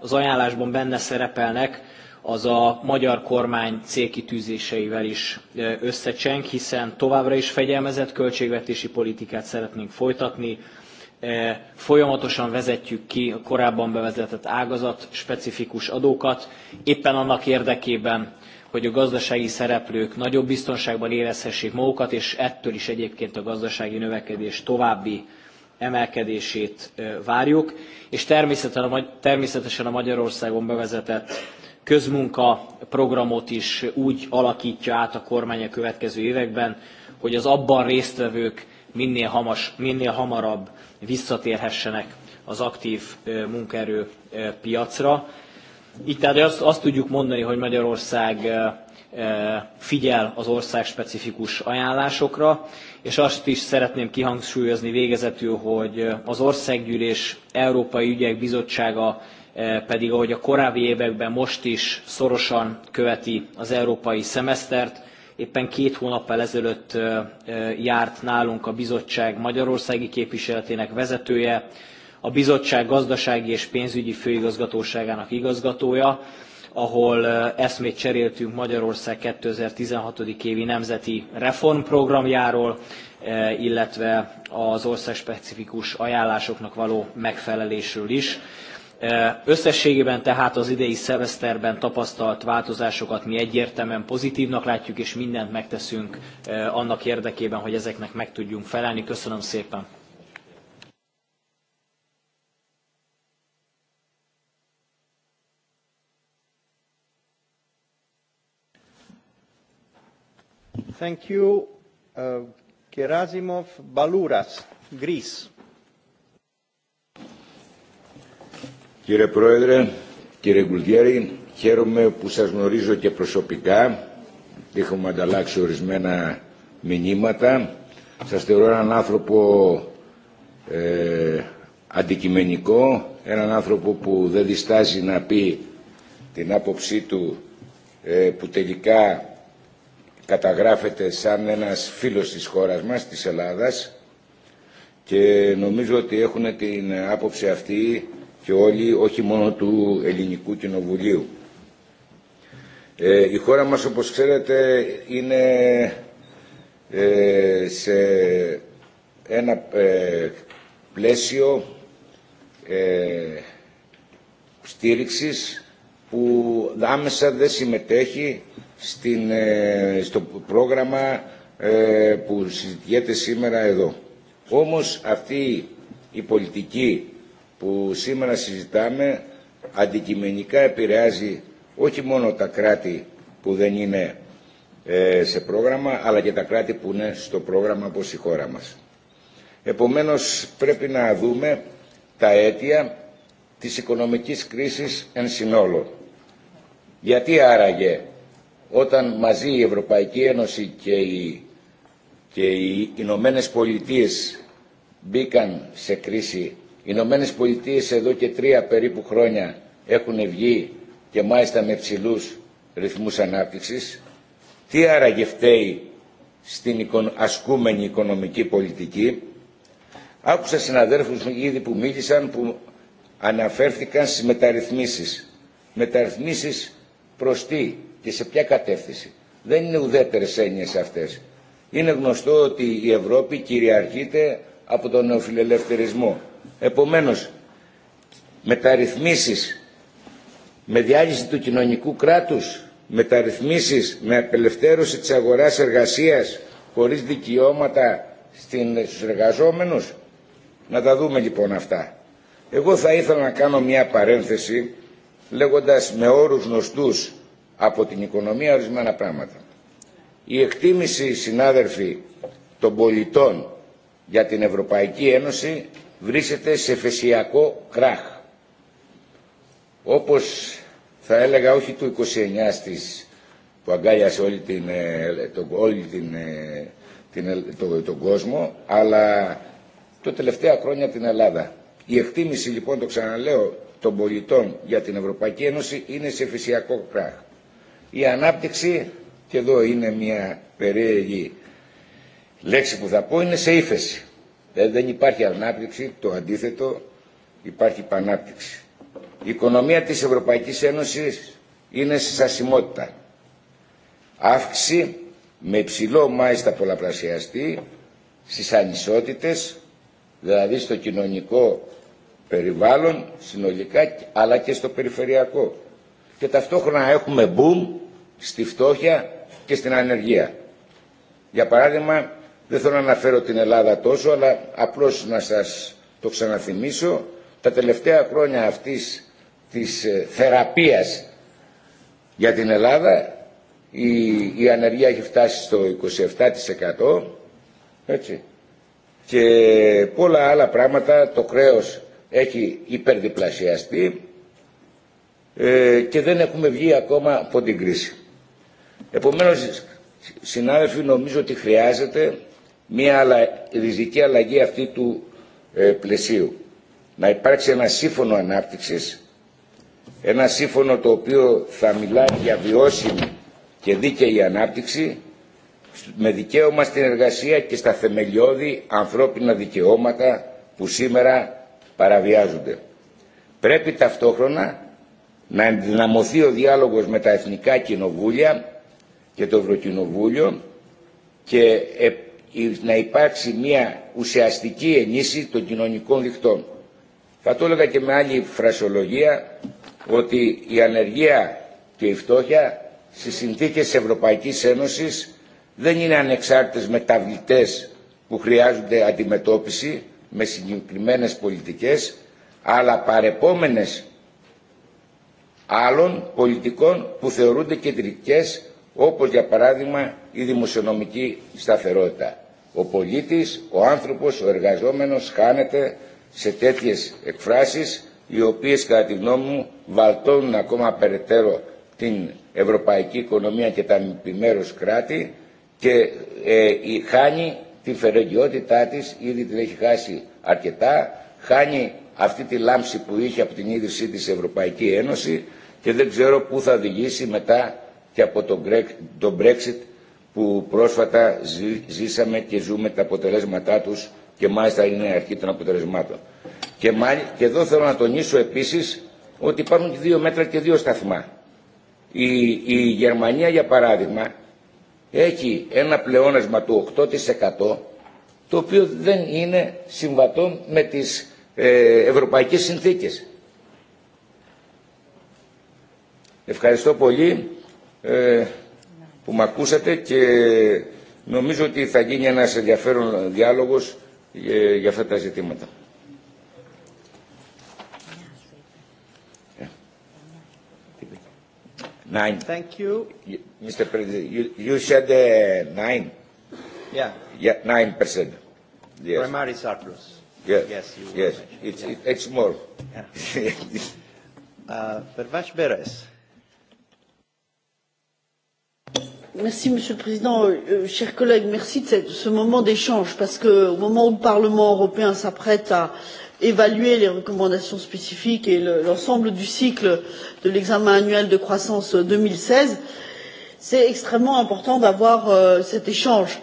az ajánlásban benne szerepelnek, az a magyar kormány célkitűzéseivel is összecseng, hiszen továbbra is fegyelmezett költségvetési politikát szeretnénk folytatni, folyamatosan vezetjük ki a korábban bevezetett ágazat specifikus adókat, éppen annak érdekében, hogy a gazdasági szereplők nagyobb biztonságban érezhessék magukat, és ettől is egyébként a gazdasági növekedés további emelkedését várjuk, és természetesen a Magyarországon bevezetett közmunka programot is úgy alakítja át a kormány a következő években, hogy az abban résztvevők minél, hamas, minél hamarabb visszatérhessenek az aktív munkaerő piacra Így tehát azt, azt tudjuk mondani, hogy Magyarország figyel az ország specifikus ajánlásokra, és azt is szeretném kihangsúlyozni végezetül, hogy az Országgyűlés Európai Ügyek Bizottsága pedig, ahogy a korábbi években most is szorosan követi az európai szemesztert, éppen két hónappal ezelőtt járt nálunk a bizottság magyarországi képviseletének vezetője, a bizottság gazdasági és pénzügyi főigazgatóságának igazgatója, ahol eszmét cseréltünk Magyarország 2016. évi nemzeti reformprogramjáról, illetve az országspecifikus ajánlásoknak való megfelelésről is. Összességében tehát az idei szemeszterben tapasztalt változásokat mi egyértelműen pozitívnak látjuk, és mindent megteszünk annak érdekében, hogy ezeknek meg tudjunk felelni. Köszönöm szépen! Thank you. Uh, Kerasimov Baluras, Greece. Κύριε Πρόεδρε, κύριε Γκουλγέρη, χαίρομαι που σας γνωρίζω και προσωπικά. έχουμε ανταλλάξει ορισμένα μηνύματα. Σας θεωρώ έναν άνθρωπο ε, αντικειμενικό, έναν άνθρωπο που δεν διστάζει να πει την άποψή του ε, που τελικά καταγράφεται σαν ένας φίλος της χώρας μας, της Ελλάδας και νομίζω ότι έχουν την άποψη αυτή και όλοι, όχι μόνο του Ελληνικού Κοινοβουλίου. Ε, η χώρα μας, όπως ξέρετε, είναι ε, σε ένα ε, πλαίσιο ε, στήριξης που άμεσα δεν συμμετέχει στην, στο πρόγραμμα που συζητιέται σήμερα εδώ. Όμως αυτή η πολιτική που σήμερα συζητάμε αντικειμενικά επηρεάζει όχι μόνο τα κράτη που δεν είναι σε πρόγραμμα, αλλά και τα κράτη που είναι στο πρόγραμμα όπως η χώρα μας. Επομένως πρέπει να δούμε τα αίτια της οικονομικής κρίσης εν συνόλο. Γιατί άραγε όταν μαζί η Ευρωπαϊκή Ένωση και οι, και οι Ηνωμένε Πολιτείε μπήκαν σε κρίση, οι Ηνωμένε Πολιτείε εδώ και τρία περίπου χρόνια έχουν βγει και μάλιστα με ψηλού ρυθμούς ανάπτυξης, τι άραγε φταίει στην ασκούμενη οικονομική πολιτική. Άκουσα συναδέρφους μου ήδη που μίλησαν που αναφέρθηκαν στις μεταρρυθμίσεις. Μεταρρυθμίσεις προς τι, και σε ποια κατεύθυνση. Δεν είναι ουδέτερε έννοιε αυτέ. Είναι γνωστό ότι η Ευρώπη κυριαρχείται από τον νεοφιλελευθερισμό. Επομένω, μεταρρυθμίσει με διάλυση του κοινωνικού κράτου, μεταρρυθμίσει με απελευθέρωση τη αγορά εργασία χωρί δικαιώματα στου εργαζόμενου, Να τα δούμε λοιπόν αυτά. Εγώ θα ήθελα να κάνω μια παρένθεση λέγοντας με όρους γνωστούς από την οικονομία ορισμένα πράγματα. Η εκτίμηση, συνάδελφοι, των πολιτών για την Ευρωπαϊκή Ένωση βρίσκεται σε φεσιακό κράχ. Όπως θα έλεγα όχι του 29 στις, που αγκάλιασε όλη την, το, όλη την, την, το, τον κόσμο, αλλά το τελευταία χρόνια την Ελλάδα. Η εκτίμηση λοιπόν, το ξαναλέω, των πολιτών για την Ευρωπαϊκή Ένωση είναι σε φυσιακό κράχ. Η ανάπτυξη, και εδώ είναι μια περίεργη λέξη που θα πω, είναι σε ύφεση. Δηλαδή δεν υπάρχει ανάπτυξη, το αντίθετο, υπάρχει πανάπτυξη. Η οικονομία της Ευρωπαϊκής Ένωσης είναι σε σασιμότητα. Αύξηση με υψηλό μάλιστα πολλαπλασιαστή στις ανισότητες, δηλαδή στο κοινωνικό περιβάλλον συνολικά αλλά και στο περιφερειακό. Και ταυτόχρονα έχουμε boom στη φτώχεια και στην ανεργία. Για παράδειγμα, δεν θέλω να αναφέρω την Ελλάδα τόσο, αλλά απλώς να σας το ξαναθυμίσω, τα τελευταία χρόνια αυτής της θεραπείας για την Ελλάδα η, η ανεργία έχει φτάσει στο 27% έτσι, και πολλά άλλα πράγματα το κρέος έχει υπερδιπλασιαστεί ε, και δεν έχουμε βγει ακόμα από την κρίση. Επομένως, συνάδελφοι, νομίζω ότι χρειάζεται μια αλλα... ριζική αλλαγή αυτή του ε, πλαισίου. Να υπάρξει ένα σύμφωνο ανάπτυξης, ένα σύμφωνο το οποίο θα μιλάει για βιώσιμη και δίκαιη ανάπτυξη, με δικαίωμα στην εργασία και στα θεμελιώδη ανθρώπινα δικαιώματα που σήμερα παραβιάζονται. Πρέπει ταυτόχρονα να ενδυναμωθεί ο διάλογος με τα εθνικά κοινοβούλια και το Ευρωκοινοβούλιο και να υπάρξει μια ουσιαστική ενίση των κοινωνικών δικτών. Θα το έλεγα και με άλλη φρασιολογία ότι η ανεργία και η φτώχεια στις συνθήκες της Ευρωπαϊκής Ένωσης δεν είναι ανεξάρτητες μεταβλητές που χρειάζονται αντιμετώπιση με συγκεκριμένες πολιτικές αλλά παρεπόμενες άλλων πολιτικών που θεωρούνται κεντρικές όπως για παράδειγμα η δημοσιονομική σταθερότητα. Ο πολίτης, ο άνθρωπος, ο εργαζόμενος χάνεται σε τέτοιες εκφράσεις οι οποίες κατά τη γνώμη μου βαλτώνουν ακόμα περαιτέρω την ευρωπαϊκή οικονομία και τα επιμέρους κράτη και ε, η, χάνει την φερεγγιότητά της, ήδη την έχει χάσει αρκετά, χάνει αυτή τη λάμψη που είχε από την ίδρυσή της Ευρωπαϊκή Ένωση και δεν ξέρω πού θα οδηγήσει μετά και από το, το Brexit που πρόσφατα ζήσαμε και ζούμε τα αποτελέσματά τους και μάλιστα είναι η αρχή των αποτελεσμάτων. Και, μάλι, και εδώ θέλω να τονίσω επίσης ότι υπάρχουν και δύο μέτρα και δύο σταθμά. Η, η Γερμανία για παράδειγμα έχει ένα πλεόνασμα του 8% το οποίο δεν είναι συμβατό με τις ε, ευρωπαϊκές συνθήκες. Ευχαριστώ πολύ ε, που με ακούσατε και νομίζω ότι θα γίνει ένας ενδιαφέρον διάλογος ε, για αυτά τα ζητήματα. Nine. Thank you. Mr. President, you, you said uh, nine. Yeah. Yeah, nine percent. Yes. Primary surplus. Yes. Yes. You yes. It's, yeah. it's more. Yeah. uh, Pervash Beres. Merci, Monsieur le Président. Euh, chers collègues, merci de cette, ce moment d'échange parce qu'au moment où le Parlement européen s'apprête à évaluer les recommandations spécifiques et l'ensemble le, du cycle de l'examen annuel de croissance 2016, c'est extrêmement important d'avoir euh, cet échange.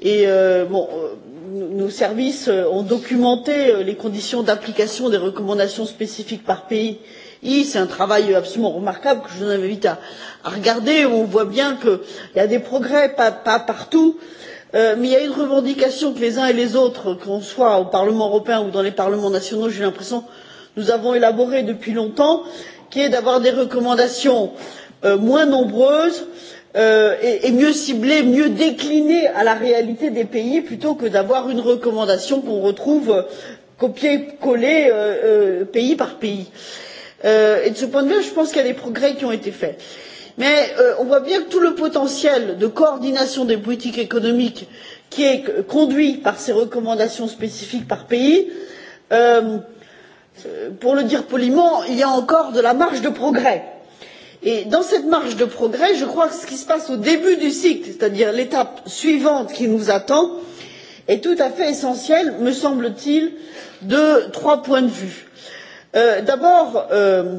Et euh, bon, euh, nos services ont documenté euh, les conditions d'application des recommandations spécifiques par pays euh, C'est un travail absolument remarquable que je vous invite à, à regarder. On voit bien qu'il y a des progrès, pas, pas partout, euh, mais il y a une revendication que les uns et les autres, qu'on soit au Parlement européen ou dans les parlements nationaux, j'ai l'impression, nous avons élaboré depuis longtemps, qui est d'avoir des recommandations euh, moins nombreuses, euh, et, et mieux ciblées, mieux déclinées à la réalité des pays plutôt que d'avoir une recommandation qu'on retrouve euh, copiée, collée euh, euh, pays par pays. Euh, et de ce point de vue, je pense qu'il y a des progrès qui ont été faits. Mais euh, on voit bien que tout le potentiel de coordination des politiques économiques qui est conduit par ces recommandations spécifiques par pays, euh, euh, pour le dire poliment, il y a encore de la marge de progrès. Et dans cette marge de progrès, je crois que ce qui se passe au début du cycle, c'est-à-dire l'étape suivante qui nous attend, est tout à fait essentiel, me semble-t-il, de trois points de vue. Euh, Euh, D'abord, euh,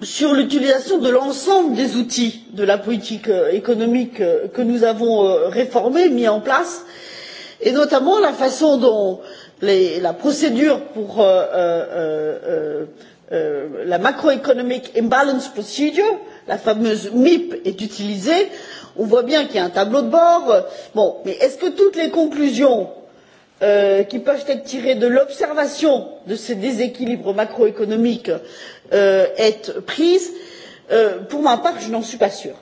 sur l'utilisation de l'ensemble des outils de la politique euh, économique euh, que nous avons euh, mis en place, et notamment la façon dont les, la procédure pour euh, euh, euh, euh, euh la macroeconomic imbalance procedure, la fameuse MIP, est utilisée. On voit bien qu'il y a un tableau de bord. Bon, mais est-ce que toutes les conclusions euh, qui peuvent être tirées de l'observation de ces déséquilibres macroéconomiques euh, est prise, euh, pour ma part, je n'en suis pas sûre.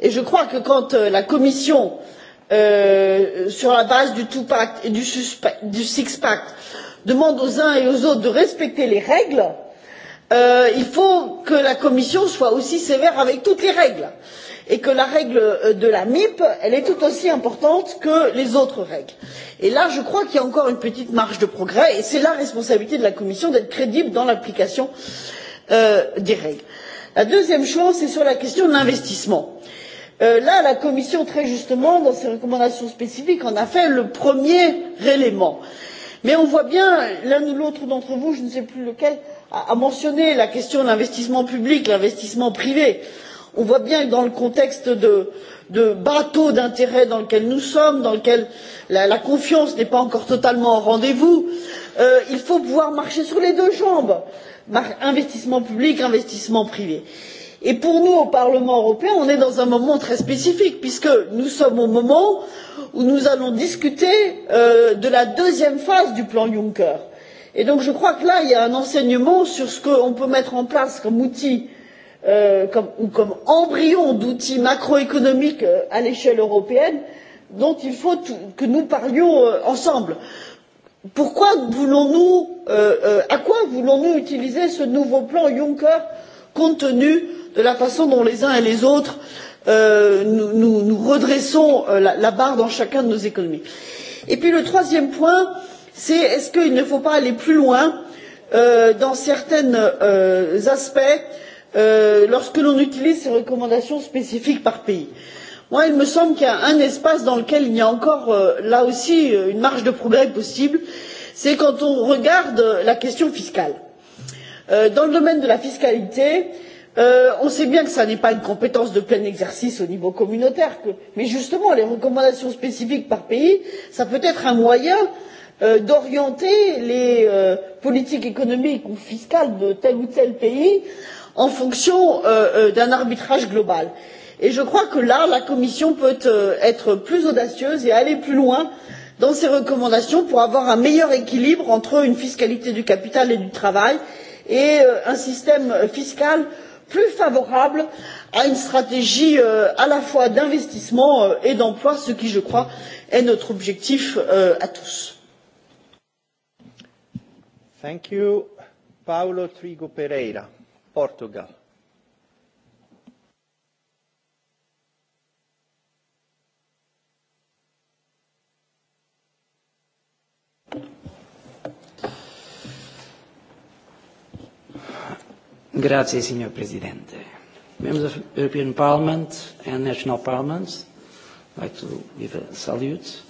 Et je crois que quand euh, la Commission, euh, sur la base du two pact et du, du six pact, demande aux uns et aux autres de respecter les règles, euh, il faut que la Commission soit aussi sévère avec toutes les règles et que la règle euh, de la MIP, elle est tout aussi importante que les autres règles. Et là, je crois qu'il y a encore une petite marge de progrès et c'est la responsabilité de la Commission d'être crédible dans l'application euh, des règles. La deuxième chose, c'est sur la question de l'investissement. Euh, là, la Commission, très justement, dans ses recommandations spécifiques, en a fait le premier élément. Mais on voit bien, l'un ou l'autre d'entre vous, je ne sais plus lequel, a, mentionné la question de l'investissement public, l'investissement privé. Euh, On voit bien que dans le contexte de, de bateau d'intérêt dans lequel nous sommes, dans lequel la, la confiance n'est pas encore totalement au rendez-vous, euh, il faut pouvoir marcher sur les deux jambes, Mar investissement public, investissement privé. Et pour nous, au Parlement européen, on est dans un moment très spécifique, puisque nous sommes au moment où nous allons discuter euh, de la deuxième phase du plan Juncker. Et donc je crois que là, il y a un enseignement sur ce qu'on peut mettre en place comme outil Euh, comme, ou comme embryon d'outils macroéconomiques euh, à l'échelle européenne dont il faut que nous parlions euh, ensemble. Pourquoi voulons-nous, euh, euh, à quoi voulons-nous utiliser ce nouveau plan Juncker compte tenu de la façon dont les uns et les autres euh, nous, nous, nous redressons euh, la, la barre dans chacun de nos économies Et puis le troisième point, c'est est-ce qu'il ne faut pas aller plus loin euh, dans certains euh, aspects euh, Euh, lorsque l'on utilise ces recommandations spécifiques par pays. Moi, il me semble qu'il y a un espace dans lequel il y a encore, euh, là aussi, euh, une marge de progrès possible, c'est quand on regarde la question fiscale. Euh, dans le domaine de la fiscalité, euh, on sait bien que ce n'est pas une compétence de plein exercice au niveau communautaire, que, mais justement, les recommandations spécifiques par pays, ça peut être un moyen euh, d'orienter les euh, politiques économiques ou fiscales de tel ou tel pays en fonction euh, euh, d'un arbitrage global. Et je crois que là, la Commission peut euh, être plus audacieuse et aller plus loin dans ses recommandations pour avoir un meilleur équilibre entre une fiscalité du capital et du travail et euh, un système fiscal plus favorable à une stratégie à la fois d'investissement et d'emploi, ce qui, je crois, est notre objectif à tous. Thank you. Paolo Trigo Pereira. Portugal. Grazie, signor Presidente. Members of European Parliament and National Parliaments, I'd like to give a salute.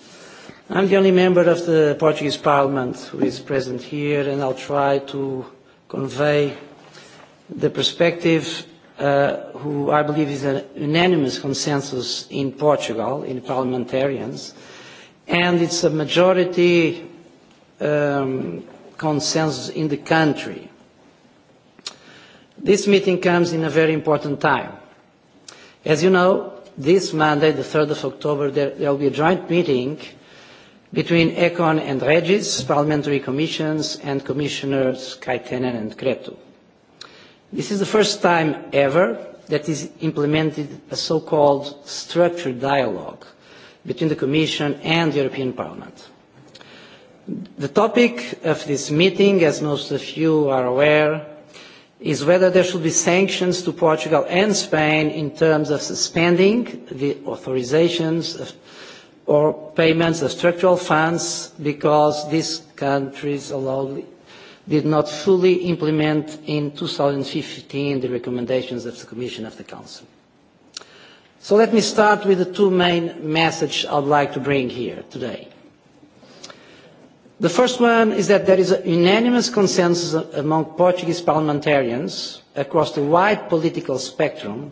I'm the only member of the Portuguese Parliament who is present here, and I'll try to convey the perspective uh, who I believe is a unanimous consensus in Portugal, in parliamentarians, and it's a majority um, consensus in the country. This meeting comes in a very important time. As you know, this Monday, the 3rd of October, there, there will be a joint meeting between ECON and REGIS, parliamentary commissions, and commissioners Kaitenen and Kretu. This is the first time ever that is implemented a so-called structured dialogue between the Commission and the European Parliament. The topic of this meeting, as most of you are aware, is whether there should be sanctions to Portugal and Spain in terms of suspending the authorizations of, or payments of structural funds because these countries allow did not fully implement in 2015 the recommendations of the Commission of the Council. So let me start with the two main messages I would like to bring here today. The first one is that there is a unanimous consensus among Portuguese parliamentarians across the wide political spectrum,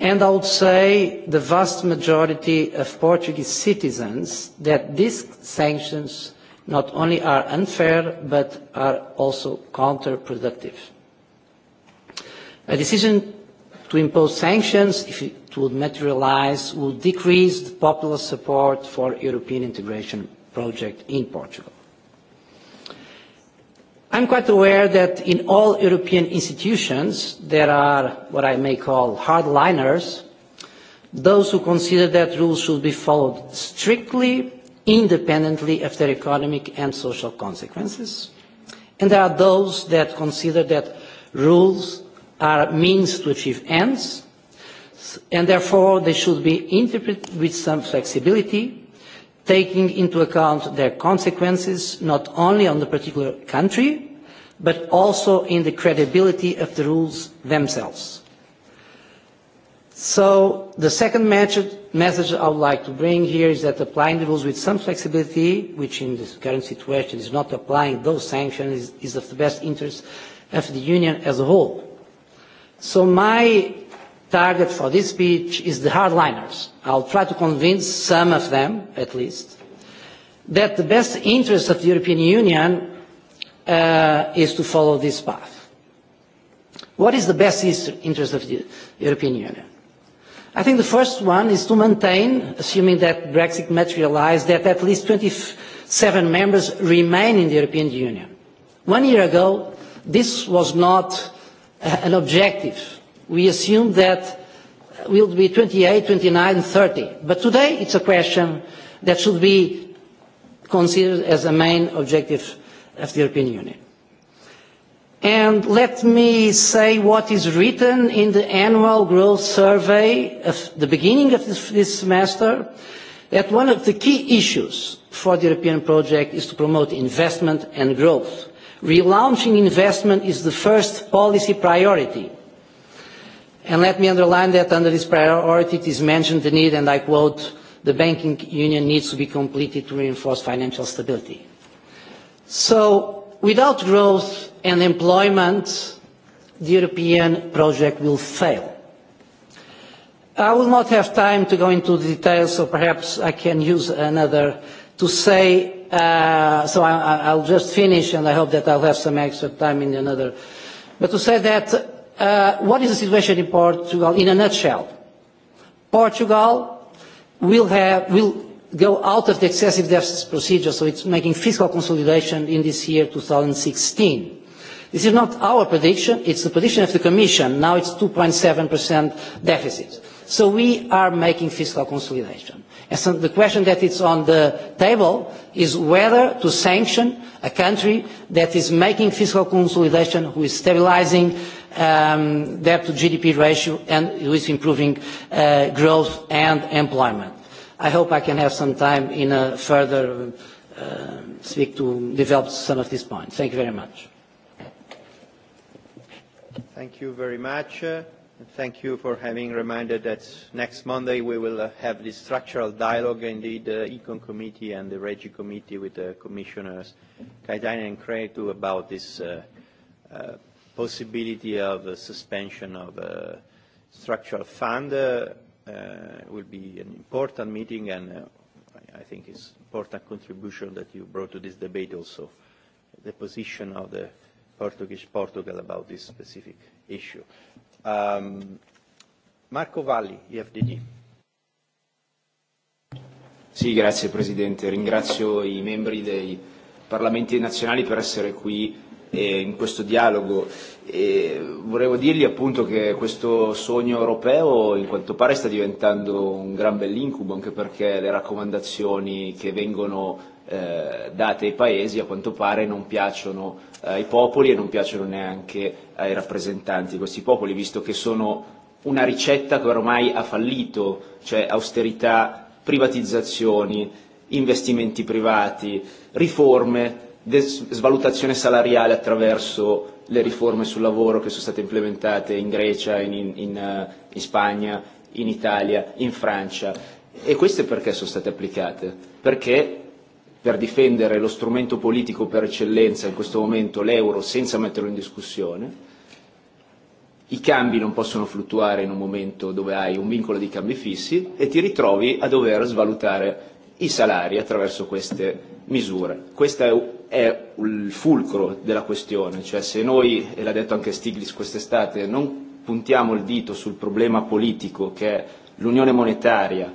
and I would say the vast majority of Portuguese citizens, that these sanctions not only are unfair but are also counterproductive. A decision to impose sanctions, if it would materialize, would decrease the popular support for European integration project in Portugal. I'm quite aware that in all European institutions there are what I may call hardliners, those who consider that rules should be followed strictly independently of their economic and social consequences. And there are those that consider that rules are means to achieve ends, and therefore they should be interpreted with some flexibility, taking into account their consequences not only on the particular country, but also in the credibility of the rules themselves. So the second message I would like to bring here is that applying the rules with some flexibility, which in this current situation is not applying those sanctions, is, is of the best interest of the Union as a whole. So my target for this speech is the hardliners. I'll try to convince some of them, at least, that the best interest of the European Union uh, is to follow this path. What is the best interest of the European Union? I think the first one is to maintain, assuming that Brexit materialized, that at least 27 members remain in the European Union. One year ago, this was not uh, an objective. We assumed that will be 28, 29, 30. But today it's a question that should be considered as a main objective of the European Union. And let me say what is written in the annual growth survey of the beginning of this, this semester, that one of the key issues for the European project is to promote investment and growth. Relaunching investment is the first policy priority. And let me underline that under this priority it is mentioned the need, and I quote, the banking union needs to be completed to reinforce financial stability. So Without growth and employment, the European project will fail. I will not have time to go into the details, so perhaps I can use another to say, uh, so I, I'll just finish and I hope that I'll have some extra time in another, but to say that uh, what is the situation in Portugal in a nutshell? Portugal will have, will go out of the excessive deficit procedure, so it's making fiscal consolidation in this year 2016. This is not our prediction, it's the prediction of the Commission. Now it's 2.7% deficit. So we are making fiscal consolidation. And so the question that is on the table is whether to sanction a country that is making fiscal consolidation, who is stabilizing um, debt to GDP ratio and who is improving uh, growth and employment. I hope I can have some time in a further uh, speak to develop some of these points. Thank you very much. Thank you very much. Uh, thank you for having reminded that next Monday we will uh, have this structural dialogue, indeed, the uh, Econ Committee and the Regi Committee with the Commissioners Kaitainen and Cretu about this uh, uh, possibility of a suspension of a structural fund. Uh, uh, will be an important meeting and uh, I think it's important contribution that you brought to this debate also, the position of the Portuguese Portugal about this specific issue. Um, Marco Valli, EFDD. Sì, grazie Presidente. Ringrazio i membri dei Parlamenti nazionali per essere qui eh, in questo dialogo. E vorrei dirgli appunto che questo sogno europeo in quanto pare sta diventando un gran bell'incubo anche perché le raccomandazioni che vengono eh, date ai paesi a quanto pare non piacciono ai popoli e non piacciono neanche ai rappresentanti di questi popoli visto che sono una ricetta che ormai ha fallito, cioè austerità, privatizzazioni, investimenti privati, riforme svalutazione salariale attraverso le riforme sul lavoro che sono state implementate in Grecia, in, in, in, eh, in Spagna, in Italia, in Francia. E queste perché sono state applicate? Perché per difendere lo strumento politico per eccellenza in questo momento, l'euro, senza metterlo in discussione, i cambi non possono fluttuare in un momento dove hai un vincolo di cambi fissi e ti ritrovi a dover svalutare i salari attraverso queste misure. Questa è è il fulcro della questione, cioè se noi, e l'ha detto anche Stiglitz quest'estate, non puntiamo il dito sul problema politico che è l'unione monetaria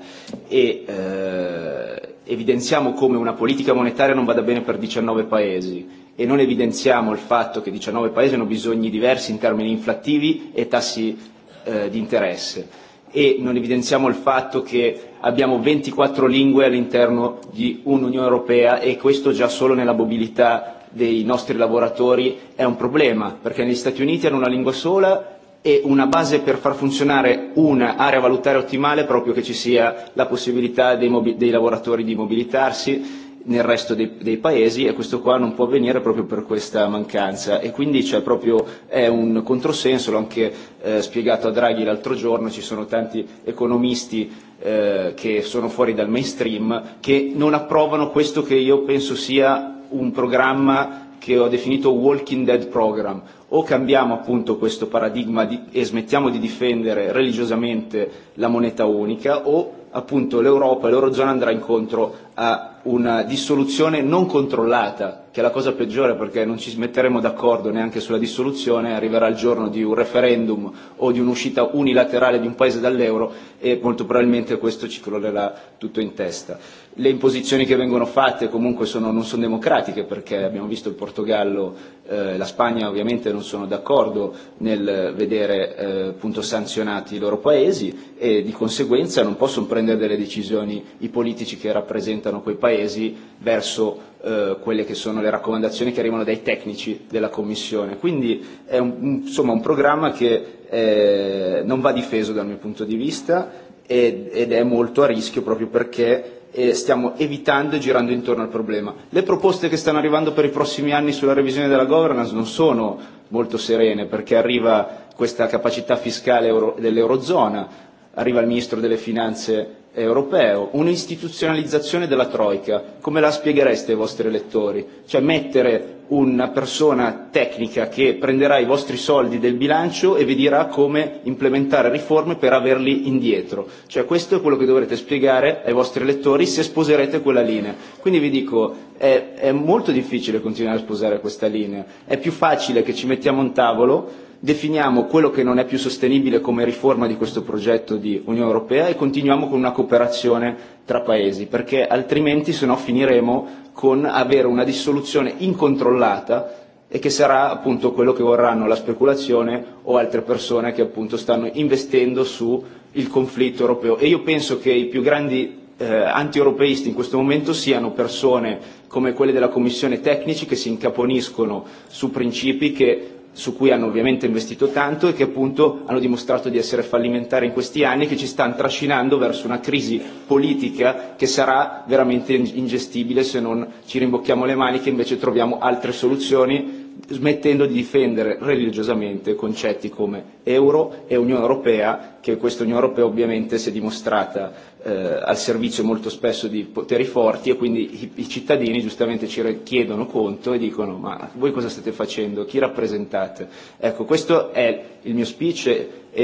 e eh, evidenziamo come una politica monetaria non vada bene per 19 paesi e non evidenziamo il fatto che 19 paesi hanno bisogni diversi in termini inflattivi e tassi eh, di interesse e non evidenziamo il fatto che abbiamo 24 lingue all'interno di un'Unione Europea e questo già solo nella mobilità dei nostri lavoratori è un problema, perché negli Stati Uniti hanno una lingua sola e una base per far funzionare un'area valutaria ottimale proprio che ci sia la possibilità dei, dei lavoratori di mobilitarsi nel resto dei, dei paesi e questo qua non può avvenire proprio per questa mancanza e quindi c'è proprio è un controsenso, l'ho anche eh, spiegato a Draghi l'altro giorno, ci sono tanti economisti eh, che sono fuori dal mainstream che non approvano questo che io penso sia un programma che ho definito Walking Dead Program. O cambiamo appunto questo paradigma di, e smettiamo di difendere religiosamente la moneta unica o appunto l'Europa e l'Eurozona andrà incontro a una dissoluzione non controllata, che è la cosa peggiore perché non ci metteremo d'accordo neanche sulla dissoluzione, arriverà il giorno di un referendum o di un'uscita unilaterale di un paese dall'euro e molto probabilmente questo ci crollerà tutto in testa. Le imposizioni che vengono fatte comunque sono, non sono democratiche perché abbiamo visto il Portogallo, eh, la Spagna ovviamente non sono d'accordo nel vedere eh, appunto sanzionati i loro paesi e di conseguenza non possono prendere delle decisioni i politici che rappresentano portano quei paesi verso eh, quelle che sono le raccomandazioni che arrivano dai tecnici della Commissione. Quindi è un, insomma, un programma che eh, non va difeso dal mio punto di vista ed, ed è molto a rischio proprio perché e stiamo evitando e girando intorno al problema. Le proposte che stanno arrivando per i prossimi anni sulla revisione della governance non sono molto serene perché arriva questa capacità fiscale dell'Eurozona, arriva il Ministro delle Finanze europeo, un'istituzionalizzazione della Troica, come la spieghereste ai vostri elettori? Cioè mettere una persona tecnica che prenderà i vostri soldi del bilancio e vi dirà come implementare riforme per averli indietro. Cioè questo è quello che dovrete spiegare ai vostri elettori se sposerete quella linea. Quindi vi dico, è, è molto difficile continuare a sposare questa linea, è più facile che ci mettiamo un tavolo definiamo quello che non è più sostenibile come riforma di questo progetto di Unione Europea e continuiamo con una cooperazione tra paesi, perché altrimenti se no finiremo con avere una dissoluzione incontrollata e che sarà appunto quello che vorranno la speculazione o altre persone che appunto stanno investendo sul conflitto europeo. E io penso che i più grandi eh, anti-europeisti in questo momento siano persone come quelle della Commissione tecnici che si incaponiscono su principi che su cui hanno ovviamente investito tanto e che appunto hanno dimostrato di essere fallimentari in questi anni e che ci stanno trascinando verso una crisi politica che sarà veramente ingestibile se non ci rimbocchiamo le maniche e invece troviamo altre soluzioni smettendo di difendere religiosamente concetti come euro e Unione Europea, che questa Unione Europea ovviamente si è dimostrata eh, al servizio molto spesso di poteri forti e quindi i, i cittadini giustamente ci chiedono conto e dicono ma voi cosa state facendo, chi rappresentate? Ecco, questo è il mio speech e, e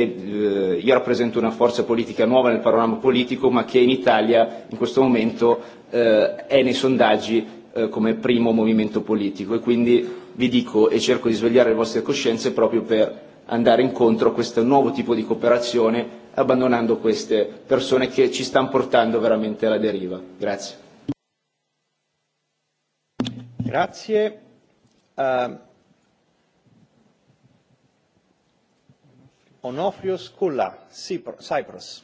eh, io rappresento una forza politica nuova nel panorama politico ma che in Italia in questo momento eh, è nei sondaggi eh, come primo movimento politico e quindi vi dico e cerco di svegliare le vostre coscienze proprio per andare incontro a questo nuovo tipo di cooperazione abbandonando queste persone che ci stanno portando veramente alla deriva. Grazie. Grazie. Uh, ehm, Onofrios Sculla, Cyprus.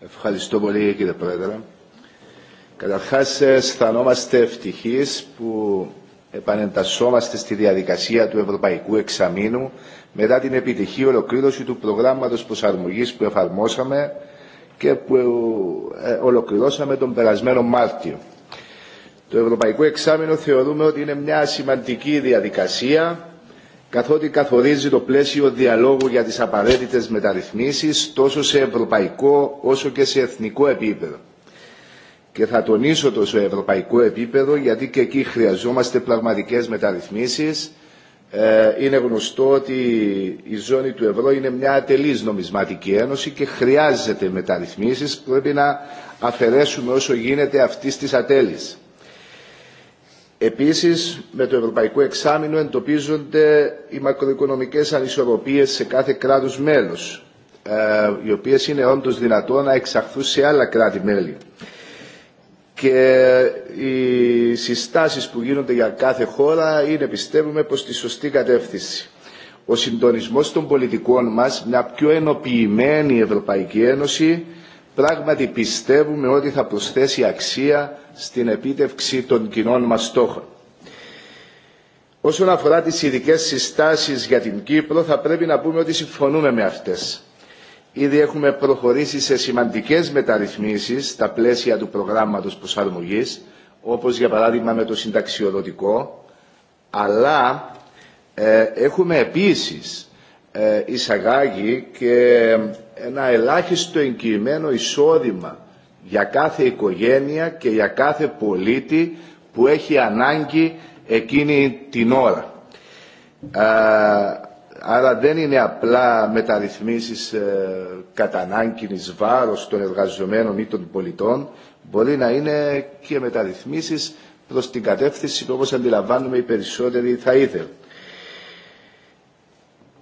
Ευχαριστώ πολύ κύριε Πρόεδρε. Καταρχάς αισθανόμαστε ευτυχείς που επανεντασσόμαστε στη διαδικασία του Ευρωπαϊκού Εξαμήνου μετά την επιτυχή ολοκλήρωση του προγράμματος προσαρμογής που εφαρμόσαμε και που ολοκληρώσαμε τον περασμένο Μάρτιο. Το Ευρωπαϊκό Εξάμεινο θεωρούμε ότι είναι μια σημαντική διαδικασία καθότι καθορίζει το πλαίσιο διαλόγου για τις απαραίτητες μεταρρυθμίσεις τόσο σε ευρωπαϊκό όσο και σε εθνικό επίπεδο και θα τονίσω το σε ευρωπαϊκό επίπεδο γιατί και εκεί χρειαζόμαστε πραγματικές μεταρρυθμίσεις. Είναι γνωστό ότι η ζώνη του ευρώ είναι μια ατελής νομισματική ένωση και χρειάζεται μεταρρυθμίσεις. Πρέπει να αφαιρέσουμε όσο γίνεται αυτής της ατέλης. Επίσης, με το Ευρωπαϊκό Εξάμεινο εντοπίζονται οι μακροοικονομικές ανισορροπίες σε κάθε κράτος μέλος, οι οποίες είναι όντως δυνατόν να εξαχθούν σε άλλα κράτη-μέλη και οι συστάσεις που γίνονται για κάθε χώρα είναι πιστεύουμε προς τη σωστή κατεύθυνση. Ο συντονισμός των πολιτικών μας, μια πιο ενοποιημένη Ευρωπαϊκή Ένωση, πράγματι πιστεύουμε ότι θα προσθέσει αξία στην επίτευξη των κοινών μας στόχων. Όσον αφορά τις ειδικέ συστάσεις για την Κύπρο, θα πρέπει να πούμε ότι συμφωνούμε με αυτές. Ήδη έχουμε προχωρήσει σε σημαντικές μεταρρυθμίσεις στα πλαίσια του προγράμματος προσαρμογής, όπως για παράδειγμα με το συνταξιοδοτικό, αλλά ε, έχουμε επίσης ε, εισαγάγει και ένα ελάχιστο εγκυημένο εισόδημα για κάθε οικογένεια και για κάθε πολίτη που έχει ανάγκη εκείνη την ώρα. Ε, Άρα δεν είναι απλά μεταρρυθμίσεις ε, κατά ανάγκη εις βάρος των εργαζομένων ή των πολιτών, μπορεί να είναι και μεταρρυθμίσεις προς την κατεύθυνση που όπως αντιλαμβάνουμε οι περισσότεροι θα ήθελαν.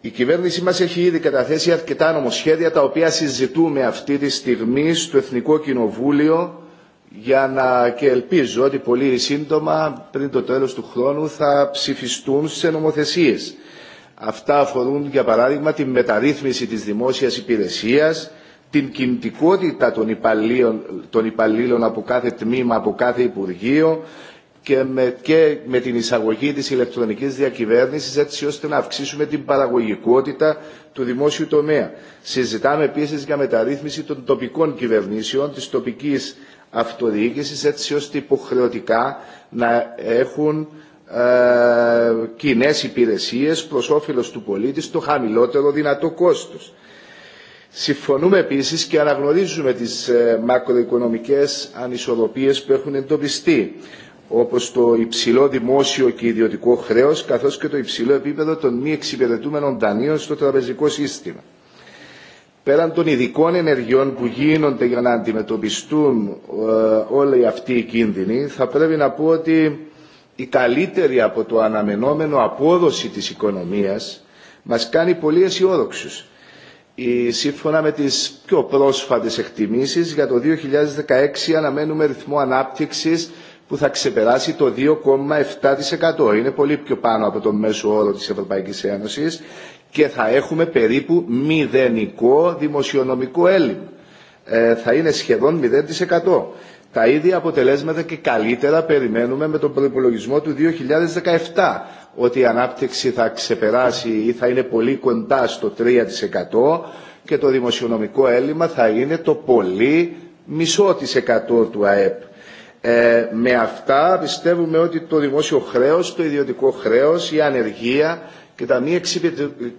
Η κυβέρνησή μας έχει ήδη καταθέσει αρκετά νομοσχέδια τα οποία συζητούμε αυτή τη στιγμή στο Εθνικό Κοινοβούλιο για να και ελπίζω ότι πολύ σύντομα πριν το τέλος του χρόνου θα ψηφιστούν σε νομοθεσίες. Αυτά αφορούν για παράδειγμα την μεταρρύθμιση της δημόσιας υπηρεσίας, την κινητικότητα των υπαλλήλων, των υπαλλήλων από κάθε τμήμα, από κάθε Υπουργείο και με, και με την εισαγωγή της ηλεκτρονικής διακυβέρνησης έτσι ώστε να αυξήσουμε την παραγωγικότητα του δημόσιου τομέα. Συζητάμε επίσης για μεταρρύθμιση των τοπικών κυβερνήσεων, της τοπικής αυτοδιοίκησης έτσι ώστε υποχρεωτικά να έχουν κοινέ υπηρεσίε προ όφελο του πολίτη στο χαμηλότερο δυνατό κόστο. Συμφωνούμε επίση και αναγνωρίζουμε τι μακροοικονομικέ ανισορροπίε που έχουν εντοπιστεί όπω το υψηλό δημόσιο και ιδιωτικό χρέο, καθώ και το υψηλό επίπεδο των μη εξυπηρετούμενων δανείων στο τραπεζικό σύστημα. Πέραν των ειδικών ενεργειών που γίνονται για να αντιμετωπιστούν ε, όλοι αυτοί οι κίνδυνοι, θα πρέπει να πω ότι η καλύτερη από το αναμενόμενο απόδοση της οικονομίας μας κάνει πολύ αισιόδοξου. Σύμφωνα με τις πιο πρόσφατες εκτιμήσεις, για το 2016 αναμένουμε ρυθμό ανάπτυξης που θα ξεπεράσει το 2,7%. Είναι πολύ πιο πάνω από το μέσο όρο της Ευρωπαϊκής Ένωσης και θα έχουμε περίπου μηδενικό δημοσιονομικό έλλειμμα. Ε, θα είναι σχεδόν 0% τα ίδια αποτελέσματα και καλύτερα περιμένουμε με τον προπολογισμό του 2017 ότι η ανάπτυξη θα ξεπεράσει ή θα είναι πολύ κοντά στο 3% και το δημοσιονομικό έλλειμμα θα είναι το πολύ μισό της εκατό του ΑΕΠ. Ε, με αυτά πιστεύουμε ότι το δημόσιο χρέος, το ιδιωτικό χρέος, η ανεργία και τα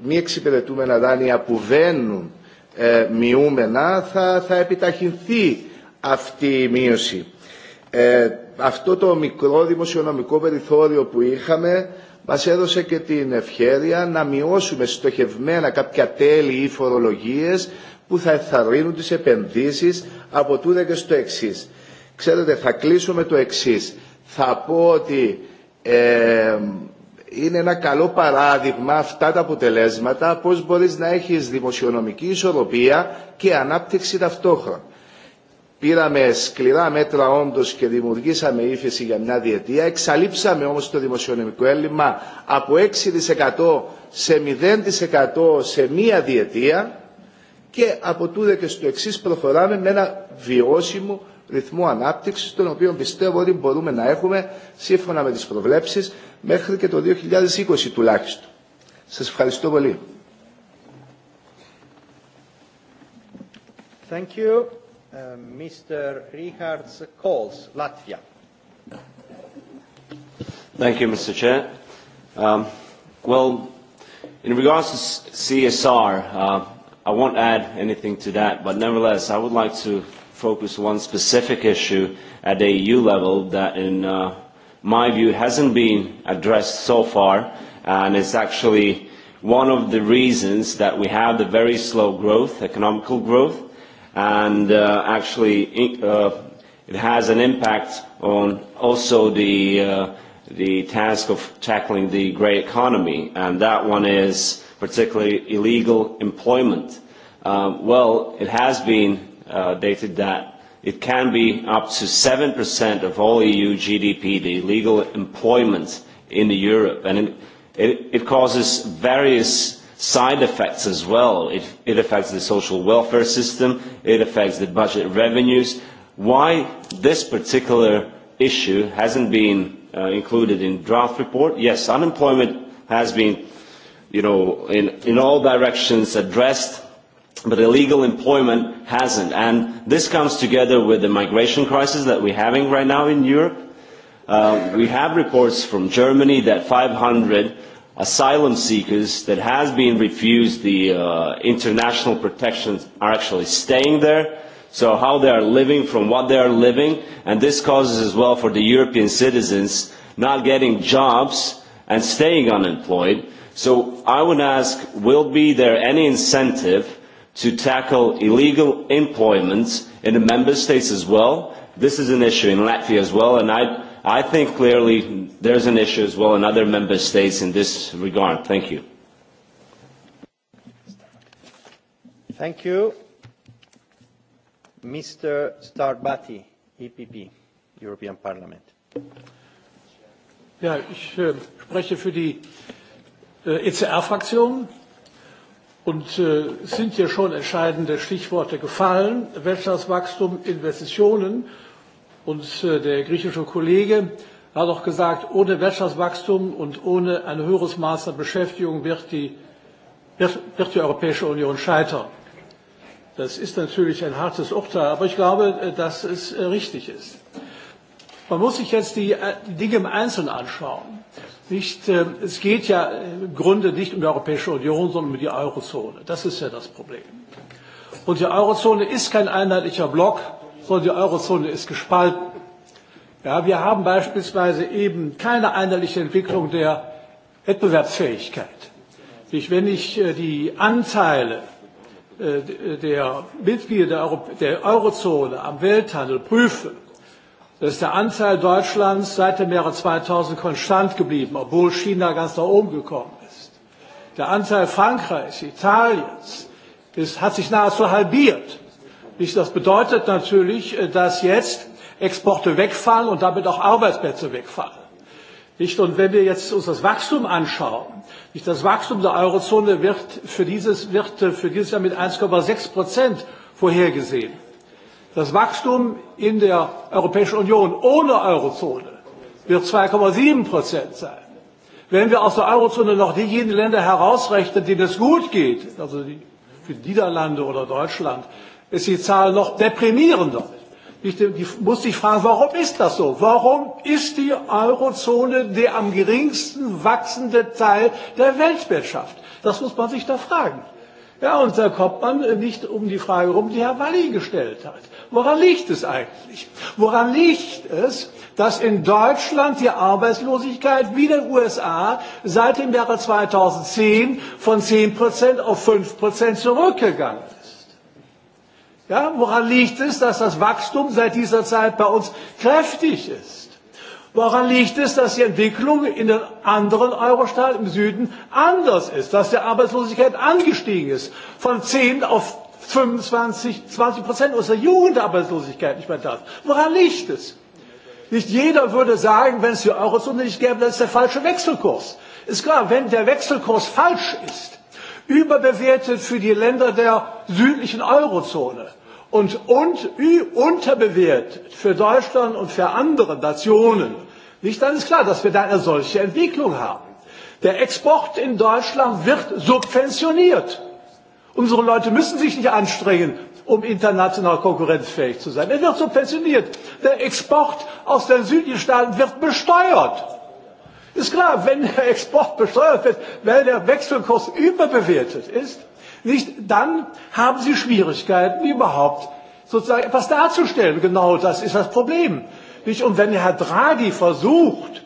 μη εξυπηρετούμενα δάνεια που βαίνουν ε, μειούμενα θα, θα επιταχυνθεί αυτή η μείωση. Ε, αυτό το μικρό δημοσιονομικό περιθώριο που είχαμε μας έδωσε και την ευχαίρεια να μειώσουμε στοχευμένα κάποια τέλη ή φορολογίες που θα εθαρρύνουν τις επενδύσεις από τούτα και στο εξή. Ξέρετε, θα κλείσω με το εξή. Θα πω ότι ε, είναι ένα καλό παράδειγμα αυτά τα αποτελέσματα πώς μπορείς να έχεις δημοσιονομική ισορροπία και ανάπτυξη ταυτόχρονα. Πήραμε σκληρά μέτρα όντω και δημιουργήσαμε ύφεση για μια διετία. Εξαλείψαμε όμω το δημοσιονομικό έλλειμμα από 6% σε 0% σε μία διετία και από τούδε και στο εξή προχωράμε με ένα βιώσιμο ρυθμό ανάπτυξη, τον οποίο πιστεύω ότι μπορούμε να έχουμε σύμφωνα με τι προβλέψει μέχρι και το 2020 τουλάχιστον. Σα ευχαριστώ πολύ. Thank you. Uh, Mr. Richards Coles, Latvia. Thank you, Mr. Chair. Um, well, in regards to CSR, uh, I won't add anything to that, but nevertheless, I would like to focus on one specific issue at the EU level that, in uh, my view, hasn't been addressed so far, and it's actually one of the reasons that we have the very slow growth, economical growth, and uh, actually uh, it has an impact on also the, uh, the task of tackling the grey economy, and that one is particularly illegal employment. Um, well, it has been uh, dated that it can be up to 7% of all EU GDP, the illegal employment in Europe, and it, it, it causes various side effects as well. It, it affects the social welfare system, it affects the budget revenues. Why this particular issue hasn't been uh, included in draft report? Yes, unemployment has been, you know, in, in all directions addressed, but illegal employment hasn't. And this comes together with the migration crisis that we're having right now in Europe. Uh, we have reports from Germany that 500 asylum seekers that has been refused the uh, international protections are actually staying there. So how they are living, from what they are living, and this causes as well for the European citizens not getting jobs and staying unemployed. So I would ask, will be there any incentive to tackle illegal employment in the member states as well? This is an issue in Latvia as well, and I I think clearly there's an issue as well in other member states in this regard. Thank you. Thank you. Mr. Starbati, EPP, European Parliament. Ja, ich äh, spreche für die äh, ECR-Fraktion und äh, sind hier schon entscheidende Stichworte gefallen. Wirtschaftswachstum, Investitionen. Und äh, der griechische Kollege hat auch gesagt, ohne Wirtschaftswachstum und ohne ein höheres Maß an Beschäftigung wird die, wird, wird die Europäische Union scheitern. Das ist natürlich ein hartes Urteil, aber ich glaube, äh, dass es äh, richtig ist. Man muss sich jetzt die, äh, die Dinge im Einzelnen anschauen. Nicht, äh, es geht ja im Grunde nicht um die Europäische Union, sondern um die Eurozone. Das ist ja das Problem. Und die Eurozone ist kein einheitlicher Block, so die Eurozone ist gespalten. Ja, wir haben beispielsweise eben keine einheitliche Entwicklung der Wettbewerbsfähigkeit. Ich, wenn ich äh, die Anteile äh, der Mitglieder der Eurozone am Welthandel prüfe, dann ist der Anteil Deutschlands seit dem Jahre 2000 konstant geblieben, obwohl China ganz nach oben gekommen ist. Der Anteil Frankreichs, Italiens ist, hat sich nahezu halbiert. Das bedeutet natürlich, äh, dass jetzt Exporte wegfallen und damit auch Arbeitsplätze wegfallen. Nicht? Und wenn wir jetzt uns das Wachstum anschauen, nicht? das Wachstum der Eurozone wird für dieses, wird äh, für dieses Jahr mit 1,6 Prozent vorhergesehen. Das Wachstum in der Europäischen Union ohne Eurozone wird 2,7 Prozent sein. Wenn wir aus der Eurozone noch diejenigen Länder herausrechnen, denen es gut geht, also die, für die Niederlande oder Deutschland, ist die Zahl noch deprimierender. Ich muss sich fragen, warum ist das so? Warum ist die Eurozone der am geringsten wachsende Teil der Weltwirtschaft? Das muss man sich da fragen. Ja, und da kommt man nicht um die Frage rum, die Herr Walli gestellt hat. Woran liegt es eigentlich? Woran liegt es, dass in Deutschland die Arbeitslosigkeit wie in den USA seit dem Jahre 2010 von 10% auf 5% zurückgegangen ist? Ja, woran liegt es, dass das Wachstum seit dieser Zeit bei uns kräftig ist? Woran liegt es, dass die Entwicklung in den anderen Eurostaaten im Süden anders ist, dass die Arbeitslosigkeit angestiegen ist von 10 auf 25, 20 Prozent unserer Jugendarbeitslosigkeit nicht mehr da ist? Woran liegt es? Nicht jeder würde sagen, wenn es die Eurozone nicht gäbe, das ist der falsche Wechselkurs. Ist klar, wenn der Wechselkurs falsch ist, überbewertet für die Länder der südlichen Eurozone, und, und unterbewährt für Deutschland und für andere Nationen. Nicht dann ist klar, dass wir da eine solche Entwicklung haben. Der Export in Deutschland wird subventioniert. Unsere Leute müssen sich nicht anstrengen, um international konkurrenzfähig zu sein. Er wird subventioniert. Der Export aus den südlichen Staaten wird besteuert. Ist klar, wenn der Export besteuert wird, weil der Wechselkurs überbewertet ist, Nicht? Dann haben sie Schwierigkeiten überhaupt sozusagen etwas darzustellen. Genau das ist das Problem. Nicht? Und wenn Herr Draghi versucht,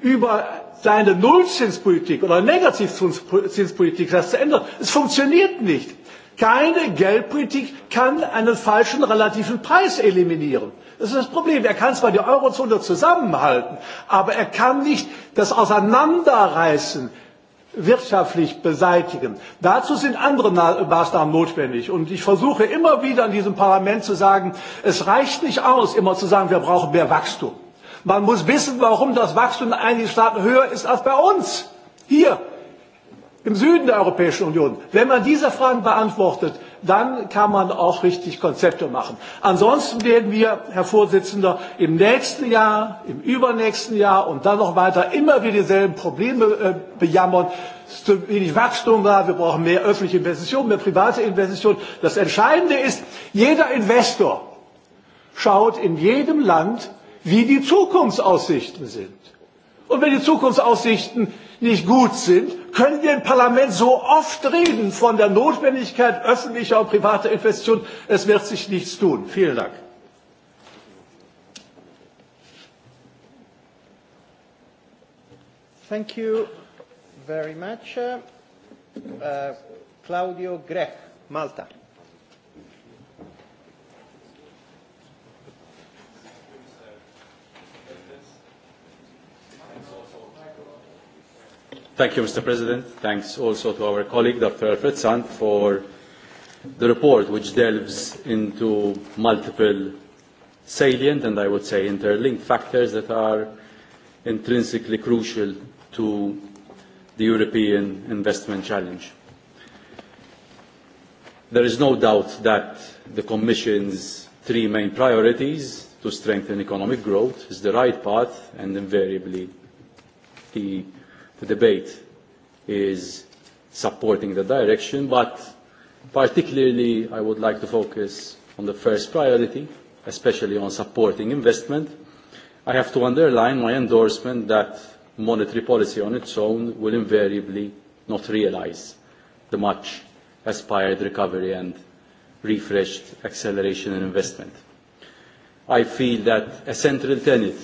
über seine Nullzinspolitik oder Negativzinspolitik das zu ändern, es funktioniert nicht. Keine Geldpolitik kann einen falschen relativen Preis eliminieren. Das ist das Problem. Er kann zwar die Eurozone zusammenhalten, aber er kann nicht das Auseinanderreißen wirtschaftlich beseitigen. Dazu sind andere Maßnahmen notwendig. Und ich versuche immer wieder in diesem Parlament zu sagen, es reicht nicht aus, immer zu sagen, wir brauchen mehr Wachstum. Man muss wissen, warum das Wachstum in einigen Staaten höher ist als bei uns. Hier, im Süden der Europäischen Union. Wenn man diese Fragen beantwortet, dann kann man auch richtig Konzepte machen. Ansonsten werden wir, Herr Vorsitzender, im nächsten Jahr, im übernächsten Jahr und dann noch weiter immer wieder dieselben Probleme äh, bejammern. Es ist zu wenig Wachstum da, wir brauchen mehr öffentliche Investitionen, mehr private Investitionen. Das Entscheidende ist, jeder Investor schaut in jedem Land, wie die Zukunftsaussichten sind. Und wenn die Zukunftsaussichten nicht gut sind, können wir im Parlament so oft reden von der Notwendigkeit öffentlicher und privater Investitionen. Es wird sich nichts tun. Vielen Dank. Thank you very much. Uh, Claudio Grech, Malta. Thank you, Mr. President. Thanks also to our colleague, Dr. Alfred Sant, for the report, which delves into multiple salient and I would say interlinked factors that are intrinsically crucial to the European investment challenge. There is no doubt that the Commission's three main priorities to strengthen economic growth is the right path and invariably the the debate is supporting the direction, but particularly I would like to focus on the first priority, especially on supporting investment. I have to underline my endorsement that monetary policy on its own will invariably not realize the much aspired recovery and refreshed acceleration in investment. I feel that a central tenet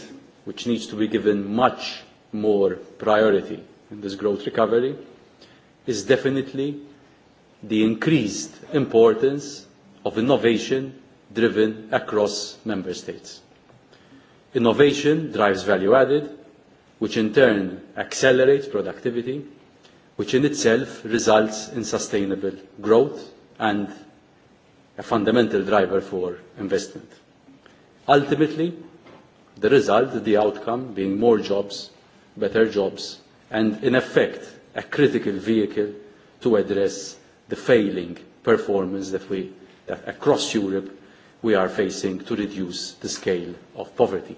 which needs to be given much more priority in this growth recovery is definitely the increased importance of innovation driven across member states. Innovation drives value added, which in turn accelerates productivity, which in itself results in sustainable growth and a fundamental driver for investment. Ultimately, the result, the outcome, being more jobs better jobs, and in effect, a critical vehicle to address the failing performance that we, that across Europe, we are facing to reduce the scale of poverty.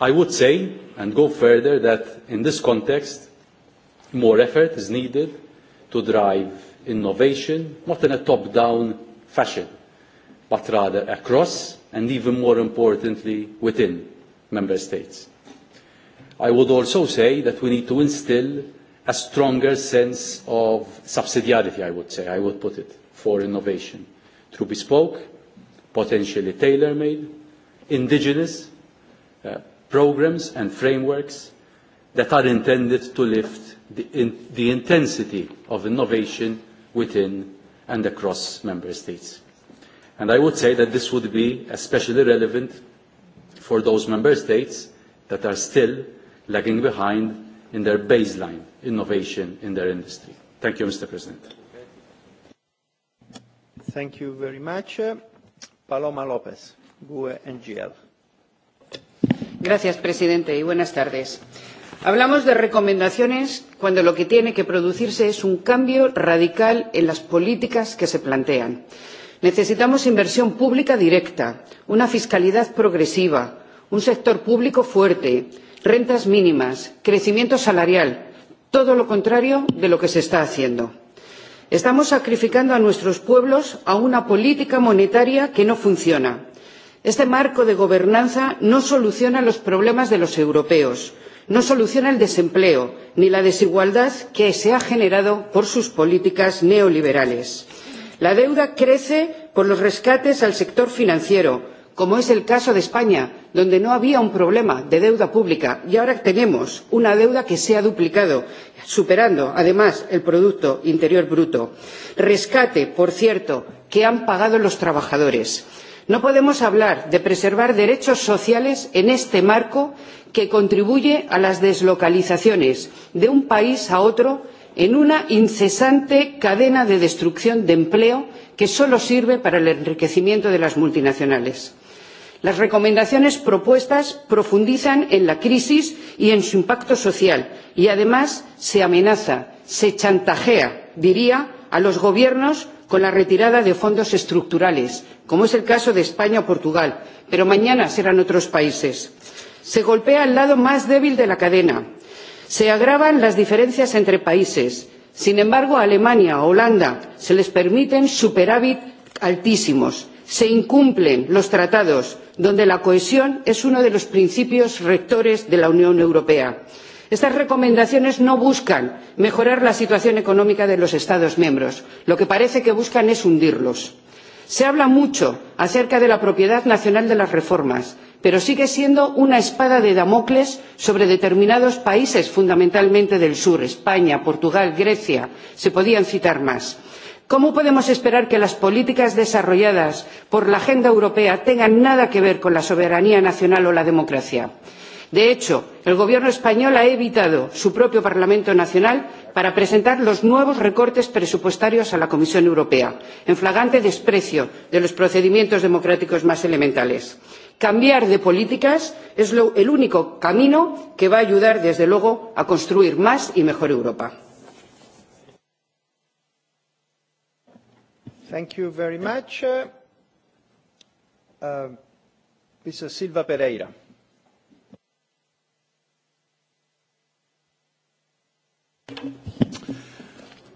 I would say, and go further, that in this context, more effort is needed to drive innovation, not in a top-down fashion, but rather across and even more importantly within member states. I would also say that we need to instill a stronger sense of subsidiarity, I would say, I would put it, for innovation through bespoke, potentially tailor-made, indigenous uh, programs and frameworks that are intended to lift the, in, the intensity of innovation within and across member states. And I would say that this would be especially relevant for those member states that are still lagging behind in their baseline innovation in their industry. Thank you, Mr. President. Thank you very much. Paloma López, GUE NGL. Gracias, presidente, y buenas tardes. Hablamos de recomendaciones cuando lo que tiene que producirse es un cambio radical en las políticas que se plantean. Necesitamos inversión pública directa, una fiscalidad progresiva, un sector público fuerte, rentas mínimas, crecimiento salarial, todo lo contrario de lo que se está haciendo. Estamos sacrificando a nuestros pueblos a una política monetaria que no funciona. Este marco de gobernanza no soluciona los problemas de los europeos, no soluciona el desempleo ni la desigualdad que se ha generado por sus políticas neoliberales. La deuda crece por los rescates al sector financiero, como es el caso de España, donde no había un problema de deuda pública y ahora tenemos una deuda que se ha duplicado, superando además el Producto Interior Bruto. Rescate, por cierto, que han pagado los trabajadores. No podemos hablar de preservar derechos sociales en este marco que contribuye a las deslocalizaciones de un país a otro en una incesante cadena de destrucción de empleo que solo sirve para el enriquecimiento de las multinacionales. Las recomendaciones propuestas profundizan en la crisis y en su impacto social y además se amenaza, se chantajea, diría, a los gobiernos con la retirada de fondos estructurales, como es el caso de España o Portugal, pero mañana serán otros países. Se golpea al lado más débil de la cadena. Se agravan las diferencias entre países. Sin embargo, a Alemania o Holanda se les permiten superávit altísimos se incumplen los tratados donde la cohesión es uno de los principios rectores de la Unión Europea. Estas recomendaciones no buscan mejorar la situación económica de los Estados miembros, lo que parece que buscan es hundirlos. Se habla mucho acerca de la propiedad nacional de las reformas, pero sigue siendo una espada de Damocles sobre determinados países, fundamentalmente del sur, España, Portugal, Grecia, se podían citar más. ¿Cómo podemos esperar que las políticas desarrolladas por la agenda europea tengan nada que ver con la soberanía nacional o la democracia? De hecho, el Gobierno español ha evitado su propio Parlamento Nacional para presentar los nuevos recortes presupuestarios a la Comisión Europea, en flagrante desprecio de los procedimientos democráticos más elementales. Cambiar de políticas es lo, el único camino que va a ayudar, desde luego, a construir más y mejor Europa. Thank you very much. Uh, uh Mr. Silva Pereira.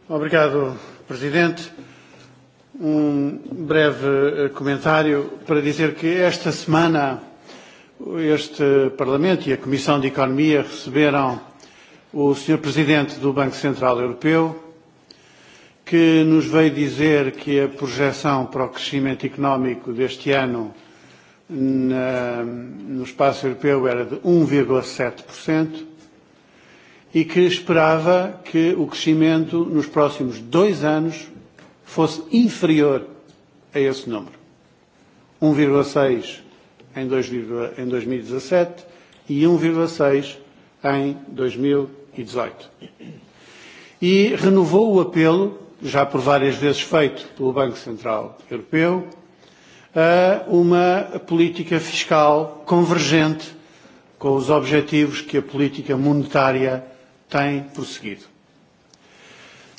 Obrigado, Presidente. Um breve uh, comentário para dizer que esta semana este Parlamento e a Comissão de Economia receberam o Sr. Presidente do Banco Central Europeu, que nos veio dizer que a projeção para o crescimento económico deste ano na, no espaço europeu era de 1,7% um e que esperava que o crescimento nos próximos dois anos fosse inferior a esse número. 1,6 um em, em 2017 e 1,6 e um em 2018. E, e renovou o apelo já por várias vezes feito pelo Banco Central Europeu, eh, uma política fiscal convergente com os objetivos que a política monetária tem prosseguido.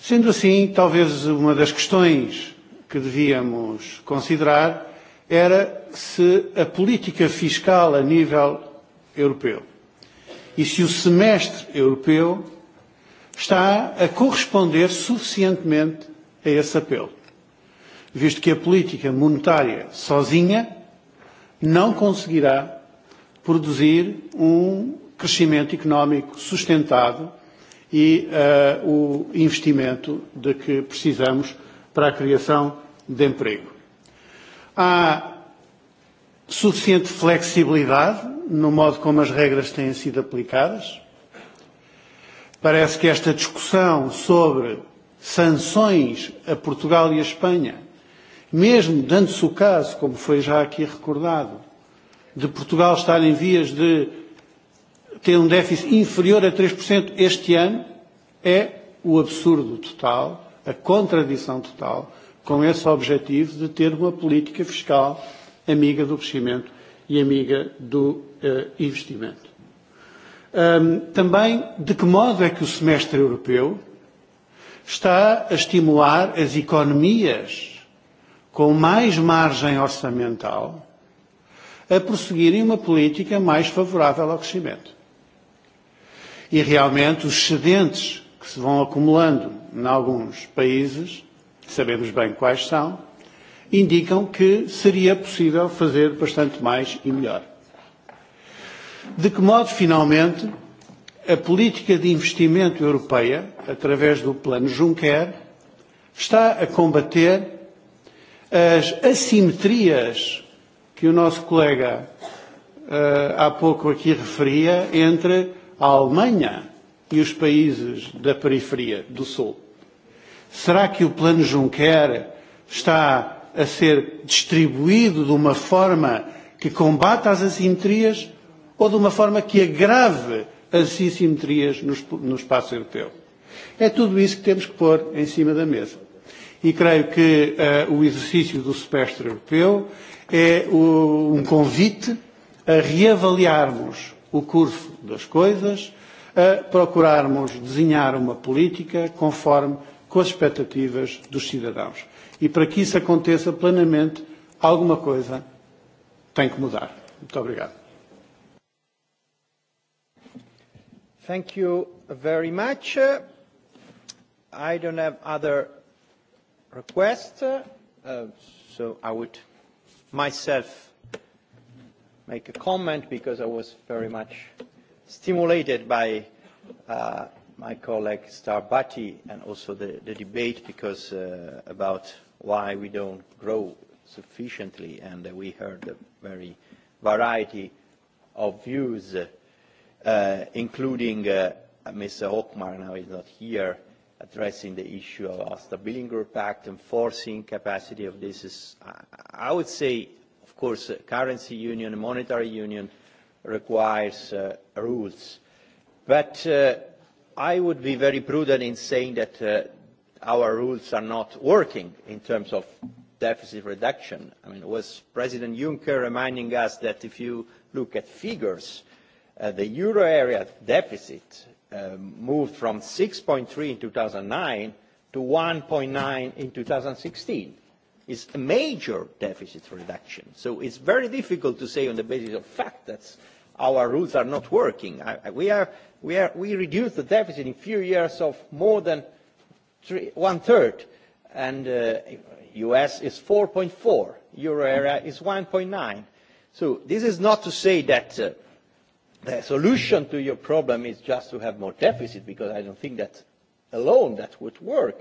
Sendo assim, talvez uma das questões que devíamos considerar era se a política fiscal a nível europeu e se o semestre europeu está a corresponder suficientemente a esse apelo, visto que a política monetária sozinha não conseguirá produzir um crescimento económico sustentado e uh, o investimento de que precisamos para a criação de emprego. Há suficiente flexibilidade no modo como as regras têm sido aplicadas Parece que esta discussão sobre sanções a Portugal e a Espanha, mesmo dando-se o caso, como foi já aqui recordado, de Portugal estar em vias de ter um déficit inferior a 3% este ano, é o absurdo total, a contradição total com esse objetivo de ter uma política fiscal amiga do crescimento e amiga do uh, investimento um, também de que modo é que o semestre europeu está a estimular as economias com mais margem orçamental a prosseguirem uma política mais favorável ao crescimento. E realmente os excedentes que se vão acumulando em alguns países, sabemos bem quais são, indicam que seria possível fazer bastante mais e melhor. De que modo, finalmente, a política de investimento europeia, através do Plano Juncker, está a combater as assimetrias que o nosso colega uh, há pouco aqui referia entre a Alemanha e os países da periferia do Sul. Será que o Plano Juncker está a ser distribuído de uma forma que combata as assimetrias ou de uma forma que agrave as assimetrias no, no espaço europeu. É tudo isso que temos que pôr em cima da mesa. E creio que uh, o exercício do semestre europeu é o, um convite a reavaliarmos o curso das coisas, a procurarmos desenhar uma política conforme com as expectativas dos cidadãos. E para que isso aconteça plenamente, alguma coisa tem que mudar. Muito obrigado. Thank you very much. I don't have other requests, uh, so I would myself make a comment because I was very much stimulated by uh, my colleague Starbati and also the, the debate because uh, about why we don't grow sufficiently and we heard a very variety of views uh, including uh, Mr. Hochmar, now is not here, addressing the issue of the Billing Group Act, enforcing capacity of this is, I would say, of course, uh, currency union, monetary union requires uh, rules. But uh, I would be very prudent in saying that uh, our rules are not working in terms of deficit reduction. I mean, it was President Juncker reminding us that if you look at figures, Uh, the euro area deficit uh, moved from 6.3 in 2009 to 1.9 in 2016. It's a major deficit reduction. So it's very difficult to say on the basis of fact that our rules are not working. I, I, we, are, we, are, we reduced the deficit in a few years of more than three, one third, and uh, US is 4.4, euro area is 1.9. So this is not to say that uh, the solution to your problem is just to have more deficit, because I don't think that alone that would work.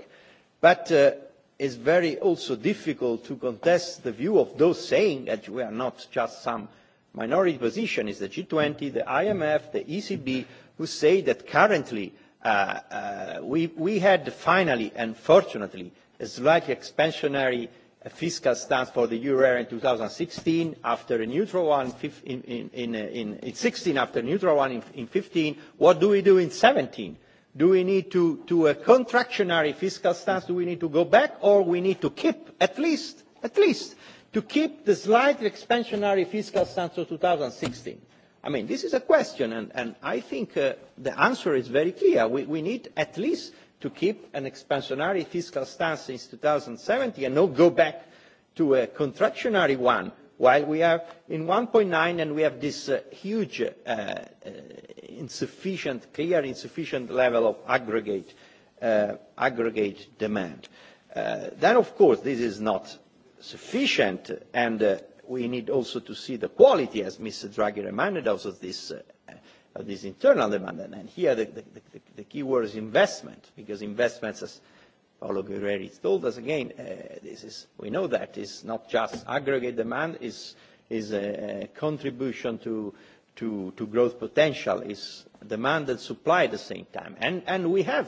But uh, it's very also difficult to contest the view of those saying that we are not just some minority position. It's the G20, the IMF, the ECB, who say that currently uh, uh, we, we had finally, unfortunately, a slightly expansionary fiscal stance for the euro area in 2016, uh, after a neutral one in, in, in, in, in 16, after a neutral one in, in 15, what do we do in 17? Do we need to, to a contractionary fiscal stance? Do we need to go back or we need to keep at least, at least, to keep the slight expansionary fiscal stance of 2016? I mean, this is a question, and, and I think uh, the answer is very clear. We, we need at least to keep an expansionary fiscal stance since 2017 and not go back to a contractionary one while we are in 1.9 and we have this uh, huge, uh, uh, insufficient, clear insufficient level of aggregate, uh, aggregate demand. Uh, then, of course, this is not sufficient, and uh, we need also to see the quality, as Mr. Draghi reminded us of this uh, of uh, this internal demand. And, and here the, the, the, the key word is investment, because investments, as Paolo Guerreri told us again, uh, this is, we know that is not just aggregate demand, is is a, a contribution to, to, to growth potential, is demand and supply at the same time. And, and we have,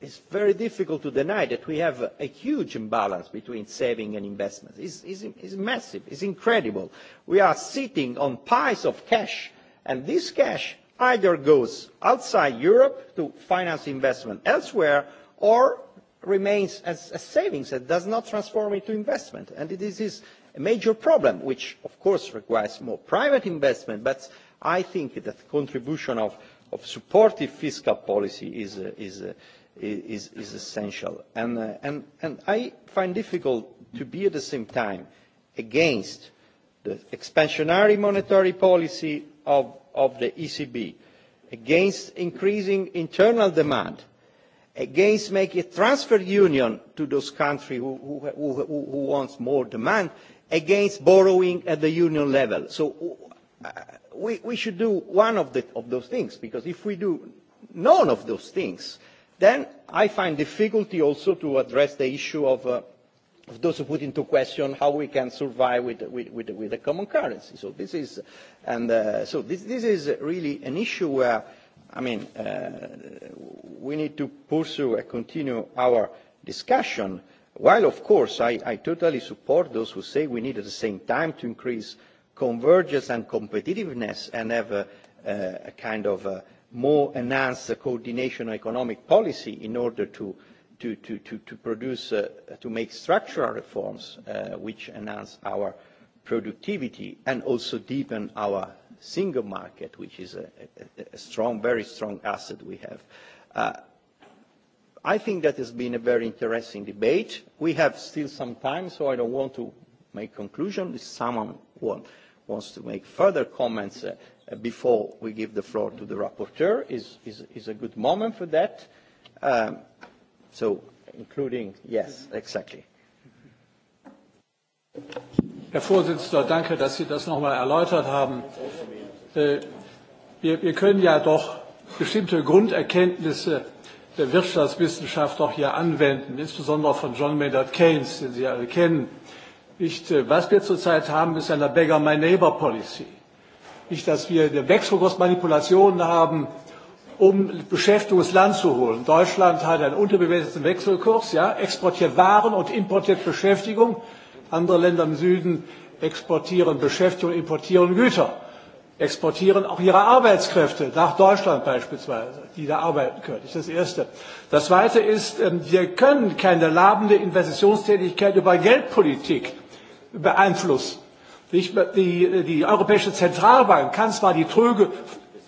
it's very difficult to deny that we have a, a huge imbalance between saving and investment. It's, it's, it's massive, it's incredible. We are sitting on piles of cash, and this cash either goes outside Europe to finance investment elsewhere or remains as, a savings and does not transform into investment. And this is a major problem, which of course requires more private investment, but I think that the contribution of, of supportive fiscal policy is, uh, is, uh, is, is essential. And, uh, and, and I find difficult to be at the same time against the expansionary monetary policy of of the ECB, against increasing internal demand, against making a transfer union to those countries who, who, who, who want more demand, against borrowing at the union level. So uh, we, we should do one of, the, of those things, because if we do none of those things, then I find difficulty also to address the issue of uh, of those who put into question how we can survive with, with, with, with a common currency. So this is, and uh, so this, this is really an issue where, I mean, uh, we need to pursue and continue our discussion. While, of course, I, I totally support those who say we need at the same time to increase convergence and competitiveness and have a, a, a kind of a more enhanced coordination economic policy in order to uh, to, to, to, to produce, uh, to make structural reforms uh, which enhance our productivity and also deepen our single market, which is a, a, a strong, very strong asset we have. Uh, I think that has been a very interesting debate. We have still some time, so I don't want to make conclusion. If someone want, wants to make further comments uh, before we give the floor to the rapporteur, is, is, is a good moment for that. Um, So, including, yes, exactly. Herr Vorsitzender, danke, dass Sie das nochmal erläutert haben. Äh, wir, wir können ja doch bestimmte Grunderkenntnisse der Wirtschaftswissenschaft doch hier anwenden, insbesondere von John Maynard Keynes, den Sie alle kennen. Nicht, äh, was wir zurzeit haben, ist eine Beggar My Neighbor Policy. Nicht, dass wir eine Wechselkursmanipulation haben, um Geschäfte ins Land zu holen. Deutschland hat einen unterbewerteten Wechselkurs, ja, exportiert Waren und importiert Beschäftigung. Andere Länder im Süden exportieren Beschäftigung, importieren Güter, exportieren auch ihre Arbeitskräfte nach Deutschland beispielsweise, die da arbeiten können. Das ist das Erste. Das Zweite ist, ähm, wir können keine labende Investitionstätigkeit über Geldpolitik beeinflussen. Die, die, die Europäische Zentralbank kann zwar die Tröge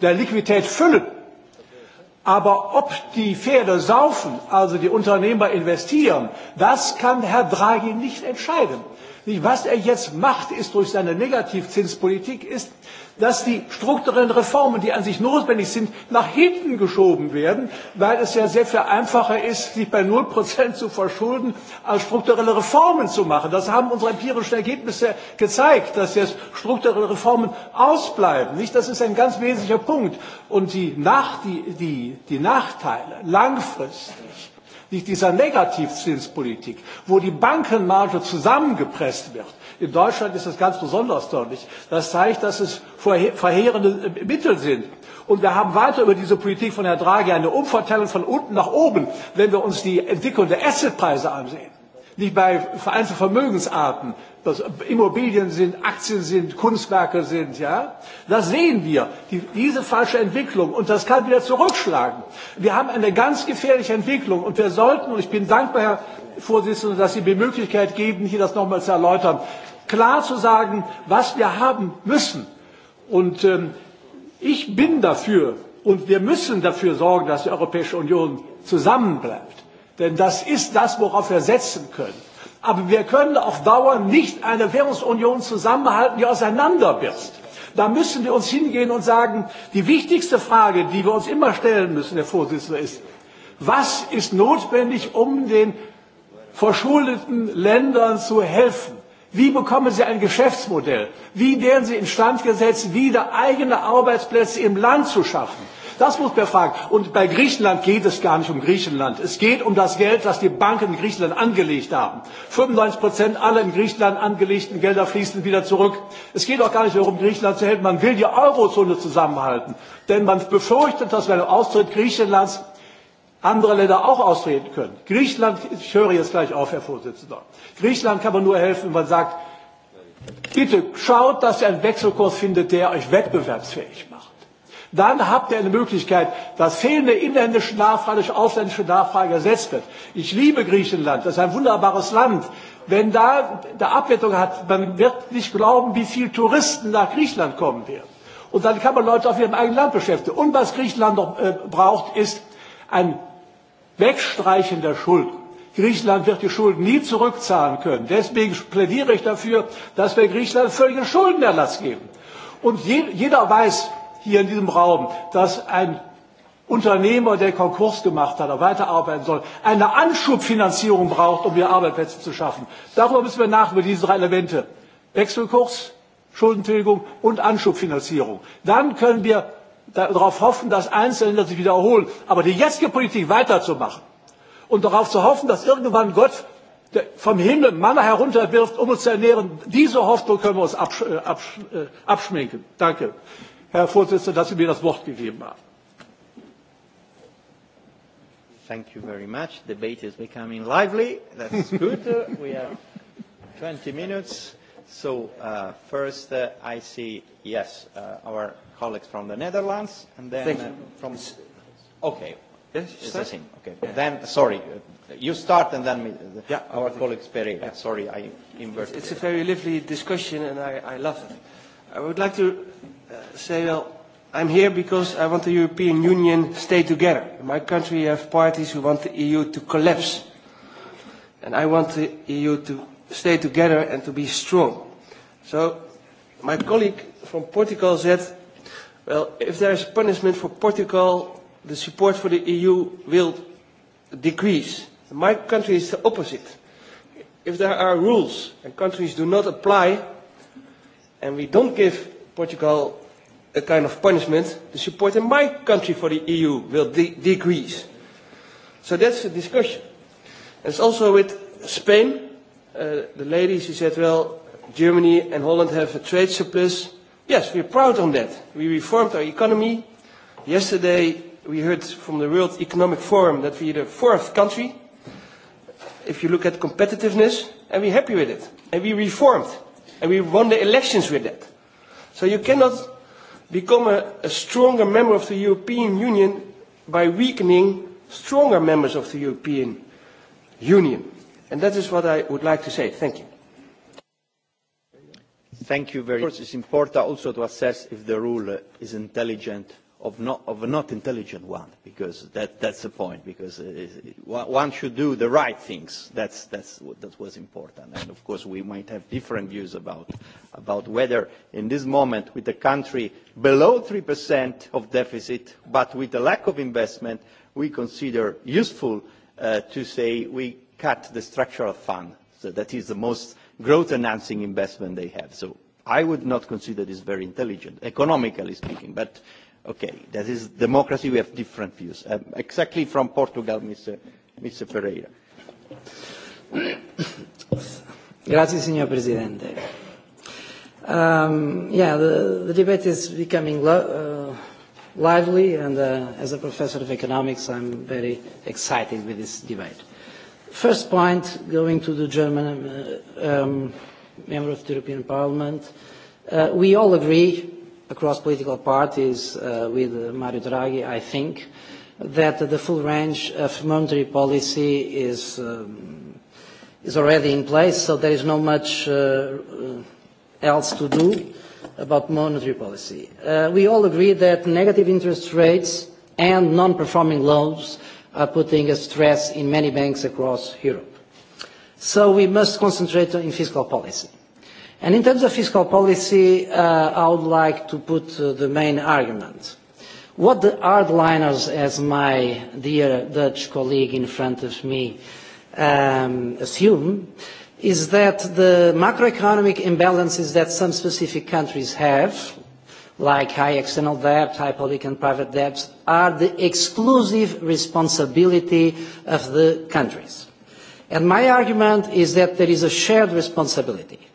der Liquidität füllen, Aber ob die Pferde saufen, also die Unternehmer investieren, das kann Herr Draghi nicht entscheiden. Was er jetzt macht, ist durch seine Negativzinspolitik, ist, dass die strukturellen Reformen, die an sich notwendig sind, nach hinten geschoben werden, weil es ja sehr viel einfacher ist, sich bei 0% zu verschulden, als strukturelle Reformen zu machen. Das haben unsere empirischen Ergebnisse gezeigt, dass jetzt strukturelle Reformen ausbleiben. Nicht? Das ist ein ganz wesentlicher Punkt. Und die, nach, die, die, die Nachteile langfristig nicht dieser Negativzinspolitik, wo die Bankenmarge zusammengepresst wird. In Deutschland ist das ganz besonders deutlich. Das zeigt, dass es verheerende äh, Mittel sind. Und wir haben weiter über diese Politik von Herrn Draghi eine Umverteilung von unten nach oben, wenn wir uns die Entwicklung der Assetpreise ansehen nicht bei vereinzelten Vermögensarten, dass Immobilien sind, Aktien sind, Kunstwerke sind, ja. Das sehen wir, die, diese falsche Entwicklung und das kann wieder zurückschlagen. Wir haben eine ganz gefährliche Entwicklung und wir sollten, und ich bin dankbar, Herr Vorsitzender, dass Sie mir die Möglichkeit geben, hier das nochmal zu erläutern, klar zu sagen, was wir haben müssen. Und ähm, ich bin dafür und wir müssen dafür sorgen, dass die Europäische Union zusammenbleibt. Denn das ist das, worauf wir setzen können. Aber wir können auf Dauer nicht eine Währungsunion zusammenhalten, die auseinanderbricht. Da müssen wir uns hingehen und sagen, die wichtigste Frage, die wir uns immer stellen müssen, Herr Vorsitzender, ist, was ist notwendig, um den verschuldeten Ländern zu helfen? Wie bekommen sie ein Geschäftsmodell? Wie werden sie instand gesetzt, wieder eigene Arbeitsplätze im Land zu schaffen? Das muss man fragen. Und bei Griechenland geht es gar nicht um Griechenland. Es geht um das Geld, das die Banken in Griechenland angelegt haben. 95 Prozent aller in Griechenland angelegten Gelder fließen wieder zurück. Es geht auch gar nicht darum, Griechenland zu helfen. Man will die Eurozone zusammenhalten. Denn man befürchtet, dass wenn dem Austritt Griechenlands andere Länder auch austreten können. Griechenland, ich höre jetzt gleich auf, Herr Vorsitzender. Griechenland kann man nur helfen, wenn man sagt, bitte schaut, dass ihr einen Wechselkurs findet, der euch wettbewerbsfähig macht. Dann habt ihr eine Möglichkeit, dass fehlende inländische Nachfrage durch ausländische Nachfrage ersetzt wird. Ich liebe Griechenland, das ist ein wunderbares Land. Wenn da eine Abwertung hat, man wird nicht glauben, wie viele Touristen nach Griechenland kommen werden. Und dann kann man Leute auf ihrem eigenen Land beschäftigen. Und was Griechenland noch äh, braucht, ist ein Wegstreichen der Schulden. Griechenland wird die Schulden nie zurückzahlen können. Deswegen plädiere ich dafür, dass wir Griechenland völligen Schuldenerlass geben. Und je, jeder weiß, hier in diesem Raum, dass ein Unternehmer, der Konkurs gemacht hat, weiterarbeiten soll, eine Anschubfinanzierung braucht, um hier Arbeitsplätze zu schaffen. Darüber müssen wir nach über diese drei Elemente. Wechselkurs, Schuldentilgung und Anschubfinanzierung. Dann können wir darauf hoffen, dass Einzelne sich wiederholen. Aber die jetzige Politik weiterzumachen und darauf zu hoffen, dass irgendwann Gott vom Himmel Manner herunterwirft, um uns zu ernähren, diese Hoffnung können wir uns absch äh, absch äh, abschminken. Danke. Herr Vorsitzender, dass Sie mir das Wort gegeben haben. Thank you very much. Debate is becoming lively. That's good. we have 20 minutes. So uh, first uh, I see, yes, uh, our colleagues from the Netherlands and then Thank uh, from... Okay. Yes, it's the same. Okay. Yeah. Then, sorry, uh, you start and then me, the, yeah, uh, our colleagues Pereira. Yeah. Sorry, I inverted. It's, it's a very lively discussion and I, I love it. I would like to uh, say, well, I'm here because I want the European Union to stay together. In my country, you have parties who want the EU to collapse. And I want the EU to stay together and to be strong. So my colleague from Portugal said, well, if there is punishment for Portugal, the support for the EU will decrease. In my country is the opposite. If there are rules and countries do not apply, and we don't give Portugal a kind of punishment, the support in my country for the EU will de decrease. So that's the discussion. And it's also with Spain, uh, the lady, she said, well, Germany and Holland have a trade surplus. Yes, we're proud on that. We reformed our economy. Yesterday, we heard from the World Economic Forum that we're the fourth country, if you look at competitiveness, and we're happy with it. And we reformed. And we won the elections with that. So you cannot become a, a stronger member of the European Union by weakening stronger members of the European Union. And that is what I would like to say. Thank you. Thank you very much. It's important also to assess if the rule is intelligent of not, of a not intelligent one, because that, that's the point, because uh, uh one should do the right things. That's, that's, that was important. And of course, we might have different views about, about whether in this moment with a country below 3% of deficit, but with a lack of investment, we consider useful uh, to say we cut the structural fund. So that is the most growth-enhancing investment they have. So I would not consider this very intelligent, economically speaking, but Okay, that is democracy, we have different views. Um, exactly from Portugal, Mr. Mr. Pereira. Grazie, signor Presidente. Um, yeah, the, the debate is becoming lo uh, lively, and uh, as a professor of economics, I'm very excited with this debate. First point, going to the German uh, um, member of the European Parliament, uh, we all agree across political parties uh, with Mario Draghi, I think, that the full range of monetary policy is, um, is already in place, so there is no much uh, uh, else to do about monetary policy. Uh, we all agree that negative interest rates and non-performing loans are putting a stress in many banks across Europe. So we must concentrate on fiscal policy. And in terms of fiscal policy, uh, I would like to put uh, the main argument. What the hardliners, as my dear Dutch colleague in front of me um, assume, is that the macroeconomic imbalances that some specific countries have, like high external debt, high public and private debts, are the exclusive responsibility of the countries. And my argument is that there is a shared responsibility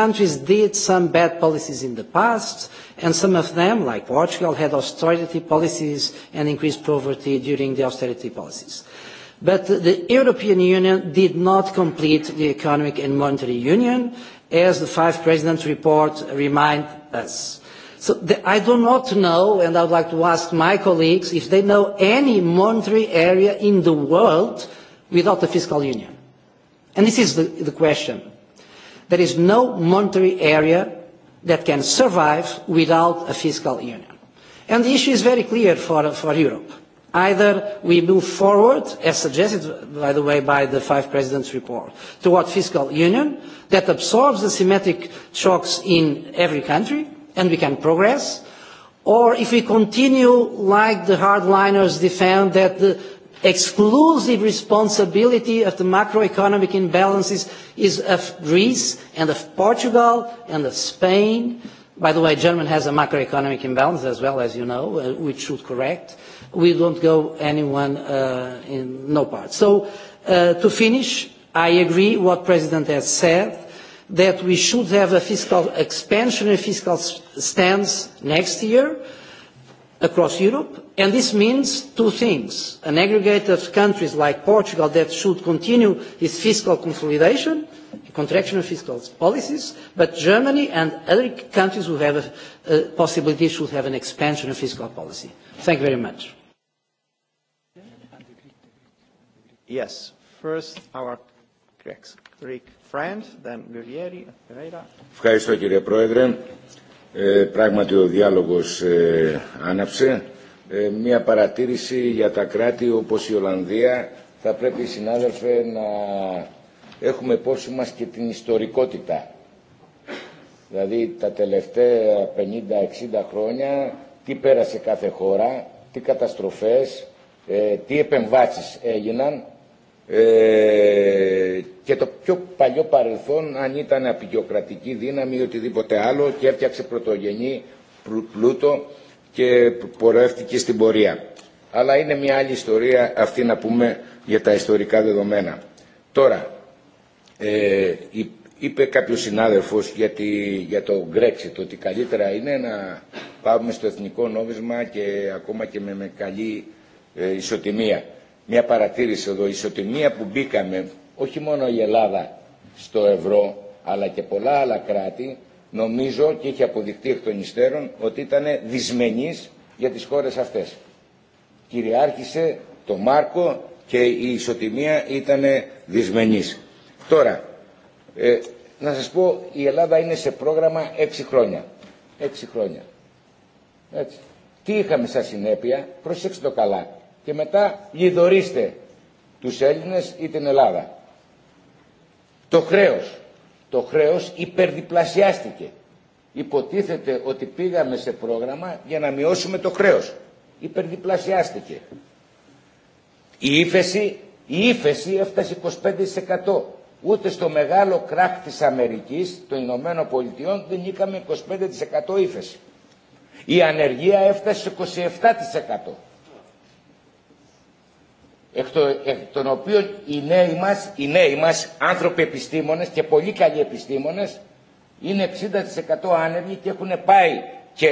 countries did some bad policies in the past, and some of them, like Portugal, had austerity policies and increased poverty during the austerity policies. But the European Union did not complete the economic and monetary union, as the five presidents' report remind us. So the, I do not know, and I would like to ask my colleagues if they know any monetary area in the world without the fiscal union. And this is the, the question. There is no monetary area that can survive without a fiscal union. And the issue is very clear for, for Europe. Either we move forward, as suggested, by the way, by the five presidents' report, toward fiscal union that absorbs the symmetric shocks in every country, and we can progress, or if we continue like the hardliners defend that the exclusive responsibility of the macroeconomic imbalances is of Greece and of Portugal and of Spain. By the way, Germany has a macroeconomic imbalance as well, as you know, uh, which should correct. We don't go anyone uh, in no part. So, uh, to finish, I agree what President has said, that we should have a fiscal expansion and fiscal stance next year across Europe, and this means two things. An aggregate of countries like Portugal that should continue its fiscal consolidation, contraction of fiscal policies, but Germany and other countries who have a, a possibility should have an expansion of fiscal policy. Thank you very much. Yes, first our Greek friend, then Guglieri Ferreira. Ε, πράγματι ο διάλογος ε, άναψε. Ε, μια παρατήρηση για τα κράτη όπως η Ολλανδία θα πρέπει συνάδελφε να έχουμε πόση μας και την ιστορικότητα. Δηλαδή τα τελευταία 50-60 χρόνια τι πέρασε κάθε χώρα, τι καταστροφές, ε, τι επεμβάσεις έγιναν ε, και το πιο παλιό παρελθόν αν ήταν απεικιοκρατική δύναμη ή οτιδήποτε άλλο και έφτιαξε πρωτογενή πλούτο και πορεύτηκε στην πορεία. Αλλά είναι μια άλλη ιστορία αυτή να πούμε για τα ιστορικά δεδομένα. Τώρα, ε, είπε κάποιος συνάδελφος για, τη, για το Brexit ότι καλύτερα είναι να πάμε στο εθνικό νόμισμα και ακόμα και με, με καλή ε, ισοτιμία μια παρατήρηση εδώ, η ισοτιμία που μπήκαμε, όχι μόνο η Ελλάδα στο ευρώ, αλλά και πολλά άλλα κράτη, νομίζω και είχε αποδειχτεί εκ των υστέρων ότι ήταν δυσμενής για τις χώρες αυτές. Κυριάρχησε το Μάρκο και η ισοτιμία ήταν δυσμενής. Τώρα, ε, να σας πω, η Ελλάδα είναι σε πρόγραμμα 6 χρόνια. 6 χρόνια. Έτσι. Τι είχαμε σαν συνέπεια, προσέξτε το καλά, και μετά γιδωρίστε τους Έλληνες ή την Ελλάδα. Το χρέος. Το χρέος υπερδιπλασιάστηκε. Υποτίθεται ότι πήγαμε σε πρόγραμμα για να μειώσουμε το χρέος. Υπερδιπλασιάστηκε. Η ύφεση, η ύφεση έφτασε 25%. Ούτε στο μεγάλο κράκ της Αμερικής, των Ηνωμένων Πολιτειών, δεν είχαμε 25% ύφεση. Η ανεργία έφτασε 27% εκ, το, εκ των οποίων οι νέοι μας, οι νέοι μας άνθρωποι επιστήμονες και πολύ καλοί επιστήμονες είναι 60% άνεργοι και έχουν πάει και,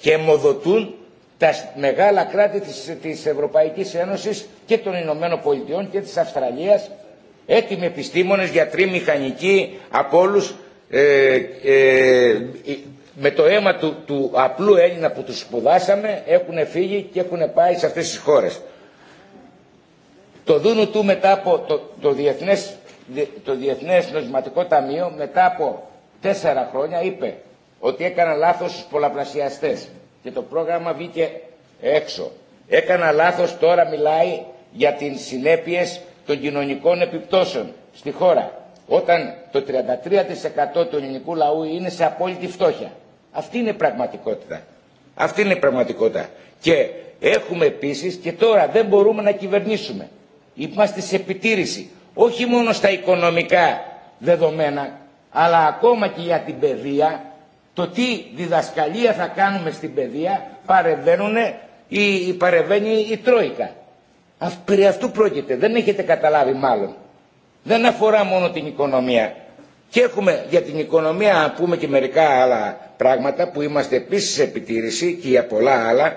και αιμοδοτούν τα μεγάλα κράτη της, της Ευρωπαϊκής Ένωσης και των Ηνωμένων Πολιτειών και της Αυστραλίας έτοιμοι επιστήμονες, γιατροί, μηχανικοί από όλους ε, ε, με το αίμα του, του απλού Έλληνα που τους σπουδάσαμε έχουν φύγει και έχουν πάει σε αυτές τις χώρες. Το δούνου του μετά από το, το, διεθνές, το Διεθνές Νοσηματικό Ταμείο μετά από τέσσερα χρόνια είπε ότι έκανα λάθος στους πολλαπλασιαστές και το πρόγραμμα βγήκε έξω. Έκανα λάθος τώρα μιλάει για την συνέπειες των κοινωνικών επιπτώσεων στη χώρα όταν το 33% του ελληνικού λαού είναι σε απόλυτη φτώχεια. Αυτή είναι η πραγματικότητα. Αυτή είναι η πραγματικότητα. Και έχουμε επίσης και τώρα δεν μπορούμε να κυβερνήσουμε. Είμαστε σε επιτήρηση, όχι μόνο στα οικονομικά δεδομένα, αλλά ακόμα και για την παιδεία, το τι διδασκαλία θα κάνουμε στην παιδεία παρεμβαίνουν ή παρεμβαίνει η Τρόικα. Α, περί αυτού πρόκειται, δεν έχετε καταλάβει μάλλον. Δεν αφορά μόνο την οικονομία. Και έχουμε για την οικονομία, να πούμε και μερικά άλλα πράγματα που είμαστε επίσης επιτήρηση και για πολλά άλλα,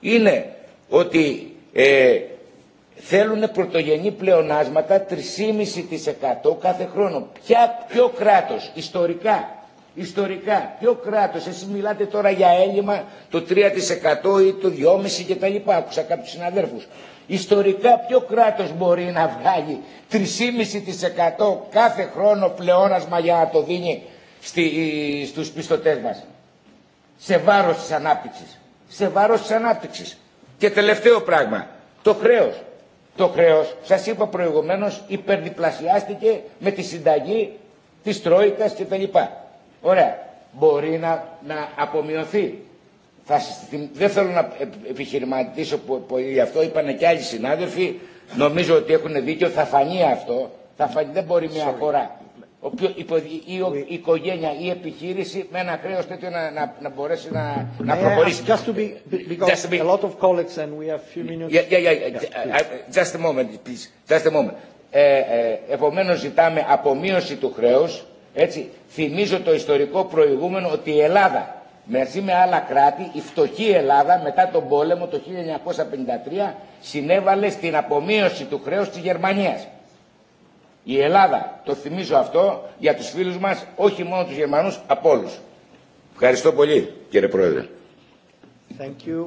είναι ότι ε, θέλουν πρωτογενή πλεονάσματα 3,5% κάθε χρόνο. Ποια, ποιο κράτος, ιστορικά, ιστορικά, ποιο κράτος, εσείς μιλάτε τώρα για έλλειμμα το 3% ή το 2,5% κτλ. Άκουσα κάποιους συναδέρφους. Ιστορικά ποιο κράτος μπορεί να βγάλει 3,5% κάθε χρόνο πλεόνασμα για να το δίνει στη, στους πιστωτές μας. Σε βάρος της ανάπτυξης. Σε βάρος της ανάπτυξης. Και τελευταίο πράγμα, το χρέος το χρέος, σας είπα προηγουμένως, υπερδιπλασιάστηκε με τη συνταγή της Τρόικας κτλ. Ωραία, μπορεί να, να απομειωθεί. Θα, δεν θέλω να επιχειρηματίσω πολύ γι' αυτό, είπαν και άλλοι συνάδελφοι, νομίζω ότι έχουν δίκιο, θα φανεί αυτό, θα φανεί, δεν μπορεί μια Sorry. χώρα Οποιο, η, η, η οικογένεια, η επιχείρηση με ένα χρέος τέτοιο να, να, να μπορέσει να, να προχωρήσει. Just to be, because just to be, a lot of colleagues and we have few minutes. Yeah, yeah, yeah. yeah I, uh, uh, just a moment, please. Just a moment. Ε, ε, επομένως ζητάμε απομείωση του χρέους. Έτσι. Θυμίζω το ιστορικό προηγούμενο ότι η Ελλάδα Μαζί με άλλα κράτη, η φτωχή Ελλάδα μετά τον πόλεμο το 1953 συνέβαλε στην απομείωση του χρέους της Γερμανίας. Η Ελλάδα, το θυμίζω αυτό για τους φίλους μας, όχι μόνο τους Γερμανούς, από όλους. Ευχαριστώ πολύ, κύριε Πρόεδρε. Thank you.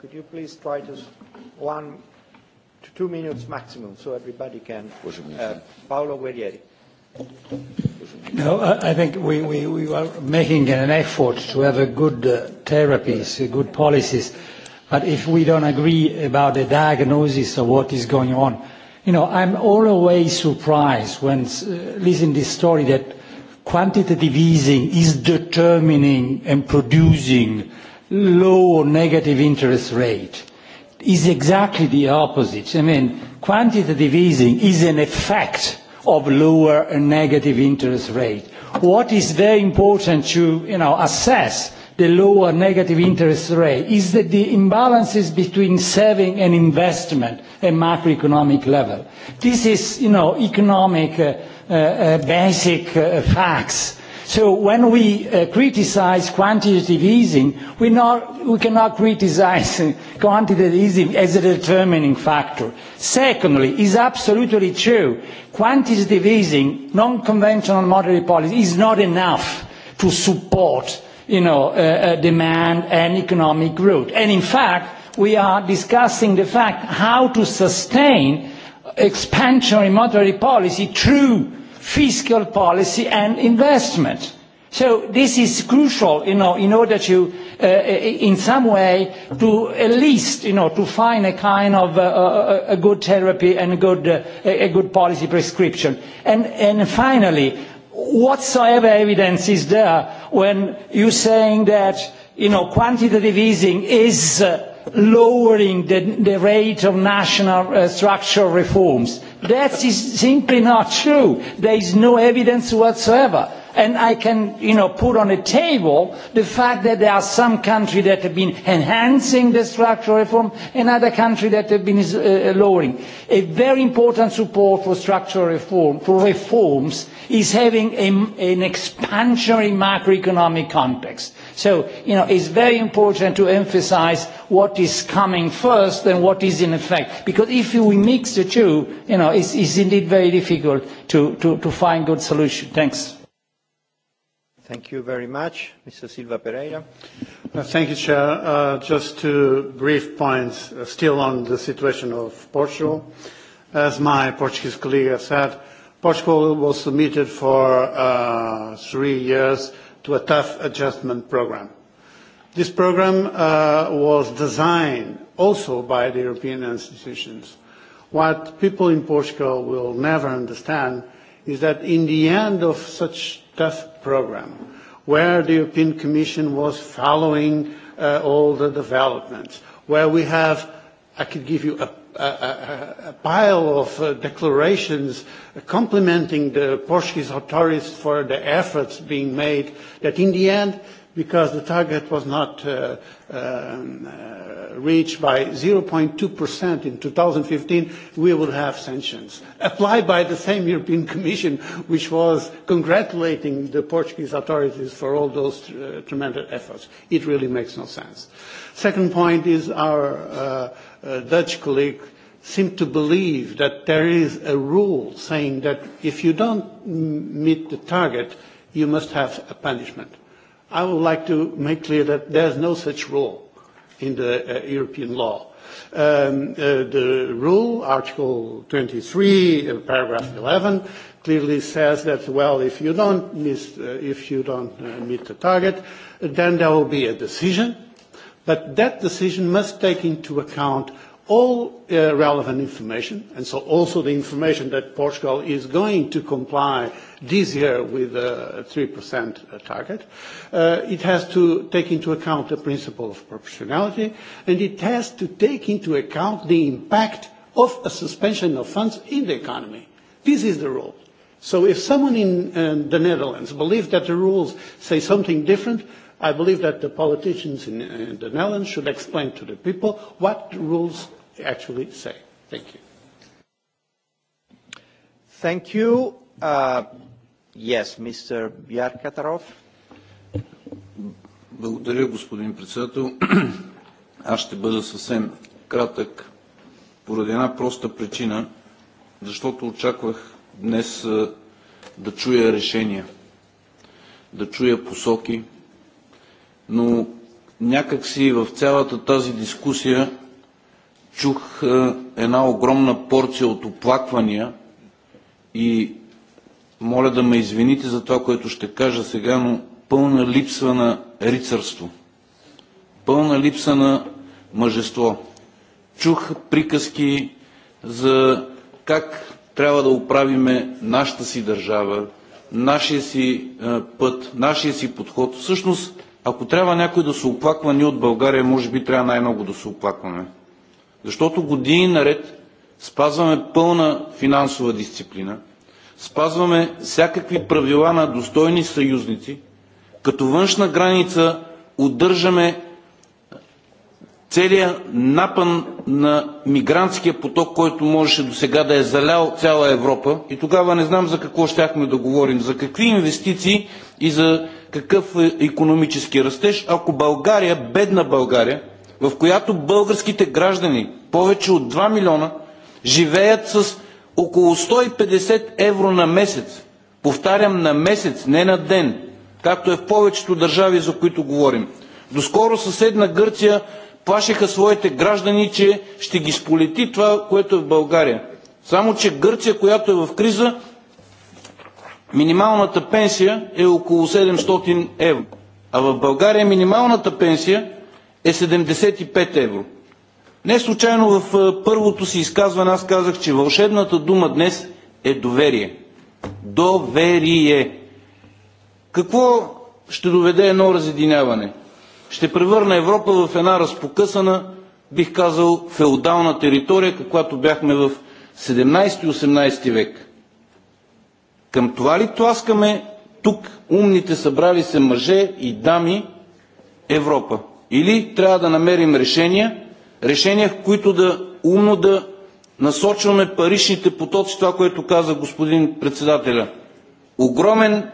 Could you please try to one to two minutes maximum so everybody can. Uh, Paolo Guerrieri. No, I think we, we, we are making an effort to have a good uh, therapies, uh, good policies. But if we don't agree about the diagnosis of what is going on, You know, I'm always surprised when uh, listening this story that quantitative easing is determining and producing low or negative interest rate. Is exactly the opposite. I mean, quantitative easing is an effect of lower and negative interest rate. What is very important to you know, assess the lower negative interest rate is that the imbalances between saving and investment at macroeconomic level. This is, you know, economic uh, uh, uh basic uh, facts. So when we uh, criticize quantitative easing, we, not, we cannot criticize quantitative easing as a determining factor. Secondly, is absolutely true, quantitative easing, non-conventional monetary policy, is not enough to support you know, uh, uh, demand and economic growth. And in fact, we are discussing the fact how to sustain expansionary monetary policy through fiscal policy and investment. So this is crucial, you know, in order to, uh, uh in some way, to at least, you know, to find a kind of uh, a, uh, a good therapy and a good, uh, a good policy prescription. And, and finally, whatsoever evidence is there when you're saying that you know, quantitative easing is uh, lowering the, the rate of national uh, structural reforms. That is simply not true. There is no evidence whatsoever. And I can, you know, put on a table the fact that there are some countries that have been enhancing the structural reform and other countries that have been uh, uh, lowering. A very important support for structural reform, for reforms, is having a, an expansionary macroeconomic context. So, you know, it's very important to emphasize what is coming first and what is in effect. Because if we mix the two, you know, it's, it's indeed very difficult to, to, to find good solution. Thanks. Thank you very much. Mr. Silva Pereira. Uh, thank you, Chair. Uh, just two brief points uh, still on the situation of Portugal. As my Portuguese colleague has said, Portugal was submitted for uh, three years to a tough adjustment program. This program uh, was designed also by the European institutions. What people in Portugal will never understand is that in the end of such tough program where the European Commission was following uh, all the developments, where we have, I could give you a, a, a pile of uh, declarations complimenting the Portuguese authorities for the efforts being made that in the end, because the target was not uh, um, uh, reach by 0.2% in 2015, we will have sanctions applied by the same European Commission, which was congratulating the Portuguese authorities for all those uh, tremendous efforts. It really makes no sense. Second point is our uh, uh, Dutch colleague seem to believe that there is a rule saying that if you don't meet the target, you must have a punishment. I would like to make clear that there is no such rule in the uh, European law. Um, uh, the rule, Article 23, uh, paragraph 11, clearly says that, well, if you don't, miss, uh, if you don't uh, meet the target, then there will be a decision, but that decision must take into account all uh, relevant information, and so also the information that Portugal is going to comply this year with the 3% target. Uh, it has to take into account the principle of proportionality, and it has to take into account the impact of a suspension of funds in the economy. This is the rule. So if someone in uh, the Netherlands believes that the rules say something different, I believe that the politicians in, in the Netherlands should explain to the people what the rules actually say. Thank you. Thank you. Uh, yes, Mr. Yarkatarov. Благодаря, господин председател. Аз ще бъда съвсем кратък поради една проста причина, защото очаквах днес да чуя решения, да чуя посоки, но някакси в цялата тази дискусия чух една огромна порция от оплаквания и моля да ме извините за това, което ще кажа сега, но пълна липса на рицарство, пълна липса на мъжество. Чух приказки за как трябва да оправиме нашата си държава, нашия си път, нашия си подход. Всъщност, ако трябва някой да се оплаква, ние от България може би трябва най-много да се оплакваме. Защото години наред спазваме пълна финансова дисциплина, спазваме всякакви правила на достойни съюзници, като външна граница удържаме целия напън на мигрантския поток, който можеше до сега да е залял цяла Европа. И тогава не знам за какво щяхме да говорим, за какви инвестиции и за какъв економически растеж, ако България, бедна България, в която българските граждани, повече от 2 милиона, живеят с около 150 евро на месец. Повтарям, на месец, не на ден, както е в повечето държави, за които говорим. Доскоро съседна Гърция плашиха своите граждани, че ще ги сполети това, което е в България. Само, че Гърция, която е в криза, минималната пенсия е около 700 евро. А в България минималната пенсия е 75 евро. Не случайно в първото си изказване аз казах, че вълшебната дума днес е доверие. Доверие. Какво ще доведе едно разединяване? Ще превърна Европа в една разпокъсана, бих казал, феодална територия, каквато бяхме в 17-18 век. Към това ли тласкаме тук умните събрали се мъже и дами Европа? Или трябва да намерим решения, решения, в които да умно да насочваме паричните потоци, това, което каза господин председателя. Огромен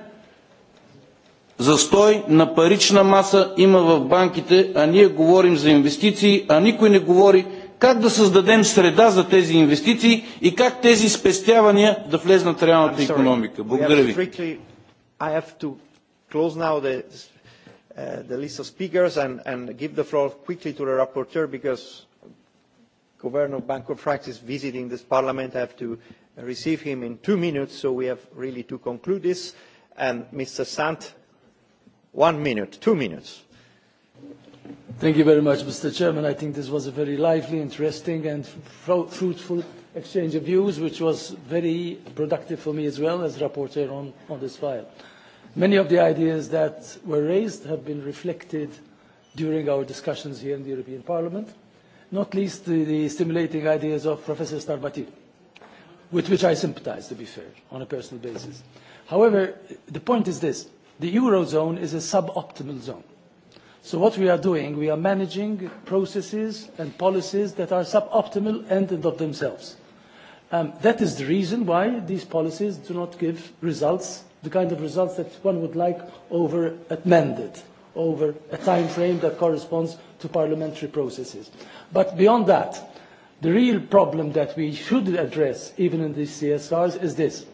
застой на парична маса има в банките, а ние говорим за инвестиции, а никой не говори как да създадем среда за тези инвестиции и как тези спестявания да влезнат в реалната економика. Благодаря ви. Uh, the list of speakers and, and give the floor quickly to the rapporteur because Governor of Bank of France is visiting this parliament. I have to receive him in two minutes, so we have really to conclude this. And Mr. Sant, one minute, two minutes. Thank you very much, Mr. Chairman. I think this was a very lively, interesting, and fruitful exchange of views, which was very productive for me as well as rapporteur on, on this file. Many of the ideas that were raised have been reflected during our discussions here in the European Parliament, not least the, the stimulating ideas of Professor Starbati, with which I sympathize, to be fair, on a personal basis. However, the point is this. The Eurozone is a suboptimal zone. So what we are doing, we are managing processes and policies that are suboptimal and and of themselves. Um, that is the reason why these policies do not give results the kind of results that one would like over amended, over a time frame that corresponds to parliamentary processes. But beyond that, the real problem that we should address, even in these CSRs, is this,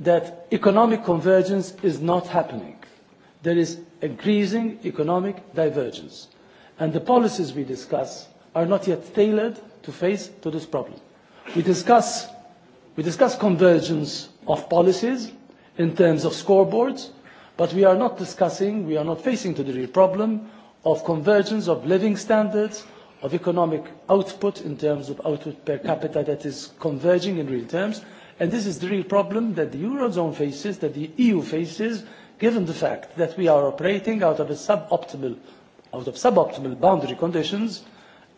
that economic convergence is not happening. There is increasing economic divergence, and the policies we discuss are not yet tailored to face to this problem. We discuss, we discuss convergence of policies, in terms of scoreboards, but we are not discussing, we are not facing to the real problem of convergence of living standards, of economic output in terms of output per capita that is converging in real terms. And this is the real problem that the Eurozone faces, that the EU faces, given the fact that we are operating out of, a suboptimal, out of suboptimal boundary conditions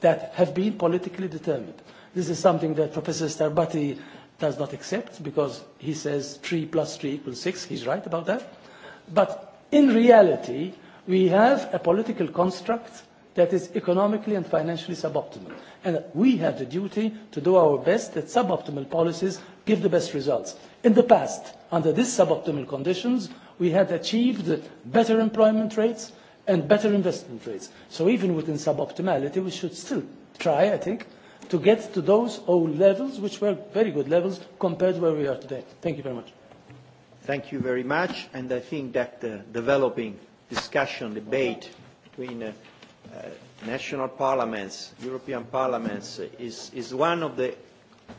that have been politically determined. This is something that Professor Starbati does not accept because he says 3 plus 3 equals 6. He's right about that. But in reality, we have a political construct that is economically and financially suboptimal. And we have the duty to do our best that suboptimal policies give the best results. In the past, under these suboptimal conditions, we had achieved better employment rates and better investment rates. So even within suboptimality, we should still try, I think, to get to those old levels, which were very good levels compared to where we are today. Thank you very much. Thank you very much, and I think that the developing discussion, debate between uh, uh, national parliaments, European parliaments, uh, is, is one of the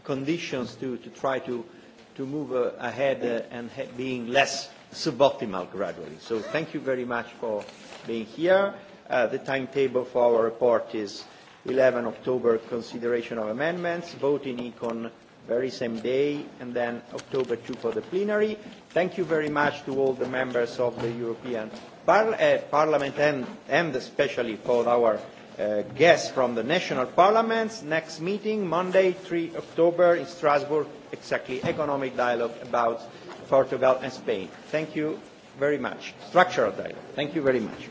conditions to, to try to, to move uh, ahead uh, and ha being less suboptimal gradually. So thank you very much for being here. Uh, the timetable for our report is 11 October consideration of amendments, vote in Econ very same day, and then October 2 for the plenary. Thank you very much to all the members of the European Par uh, Parliament and, and especially for our uh, guests from the national parliaments. Next meeting, Monday, 3 October in Strasbourg, exactly economic dialogue about Portugal and Spain. Thank you very much. Structural dialogue. Thank you very much.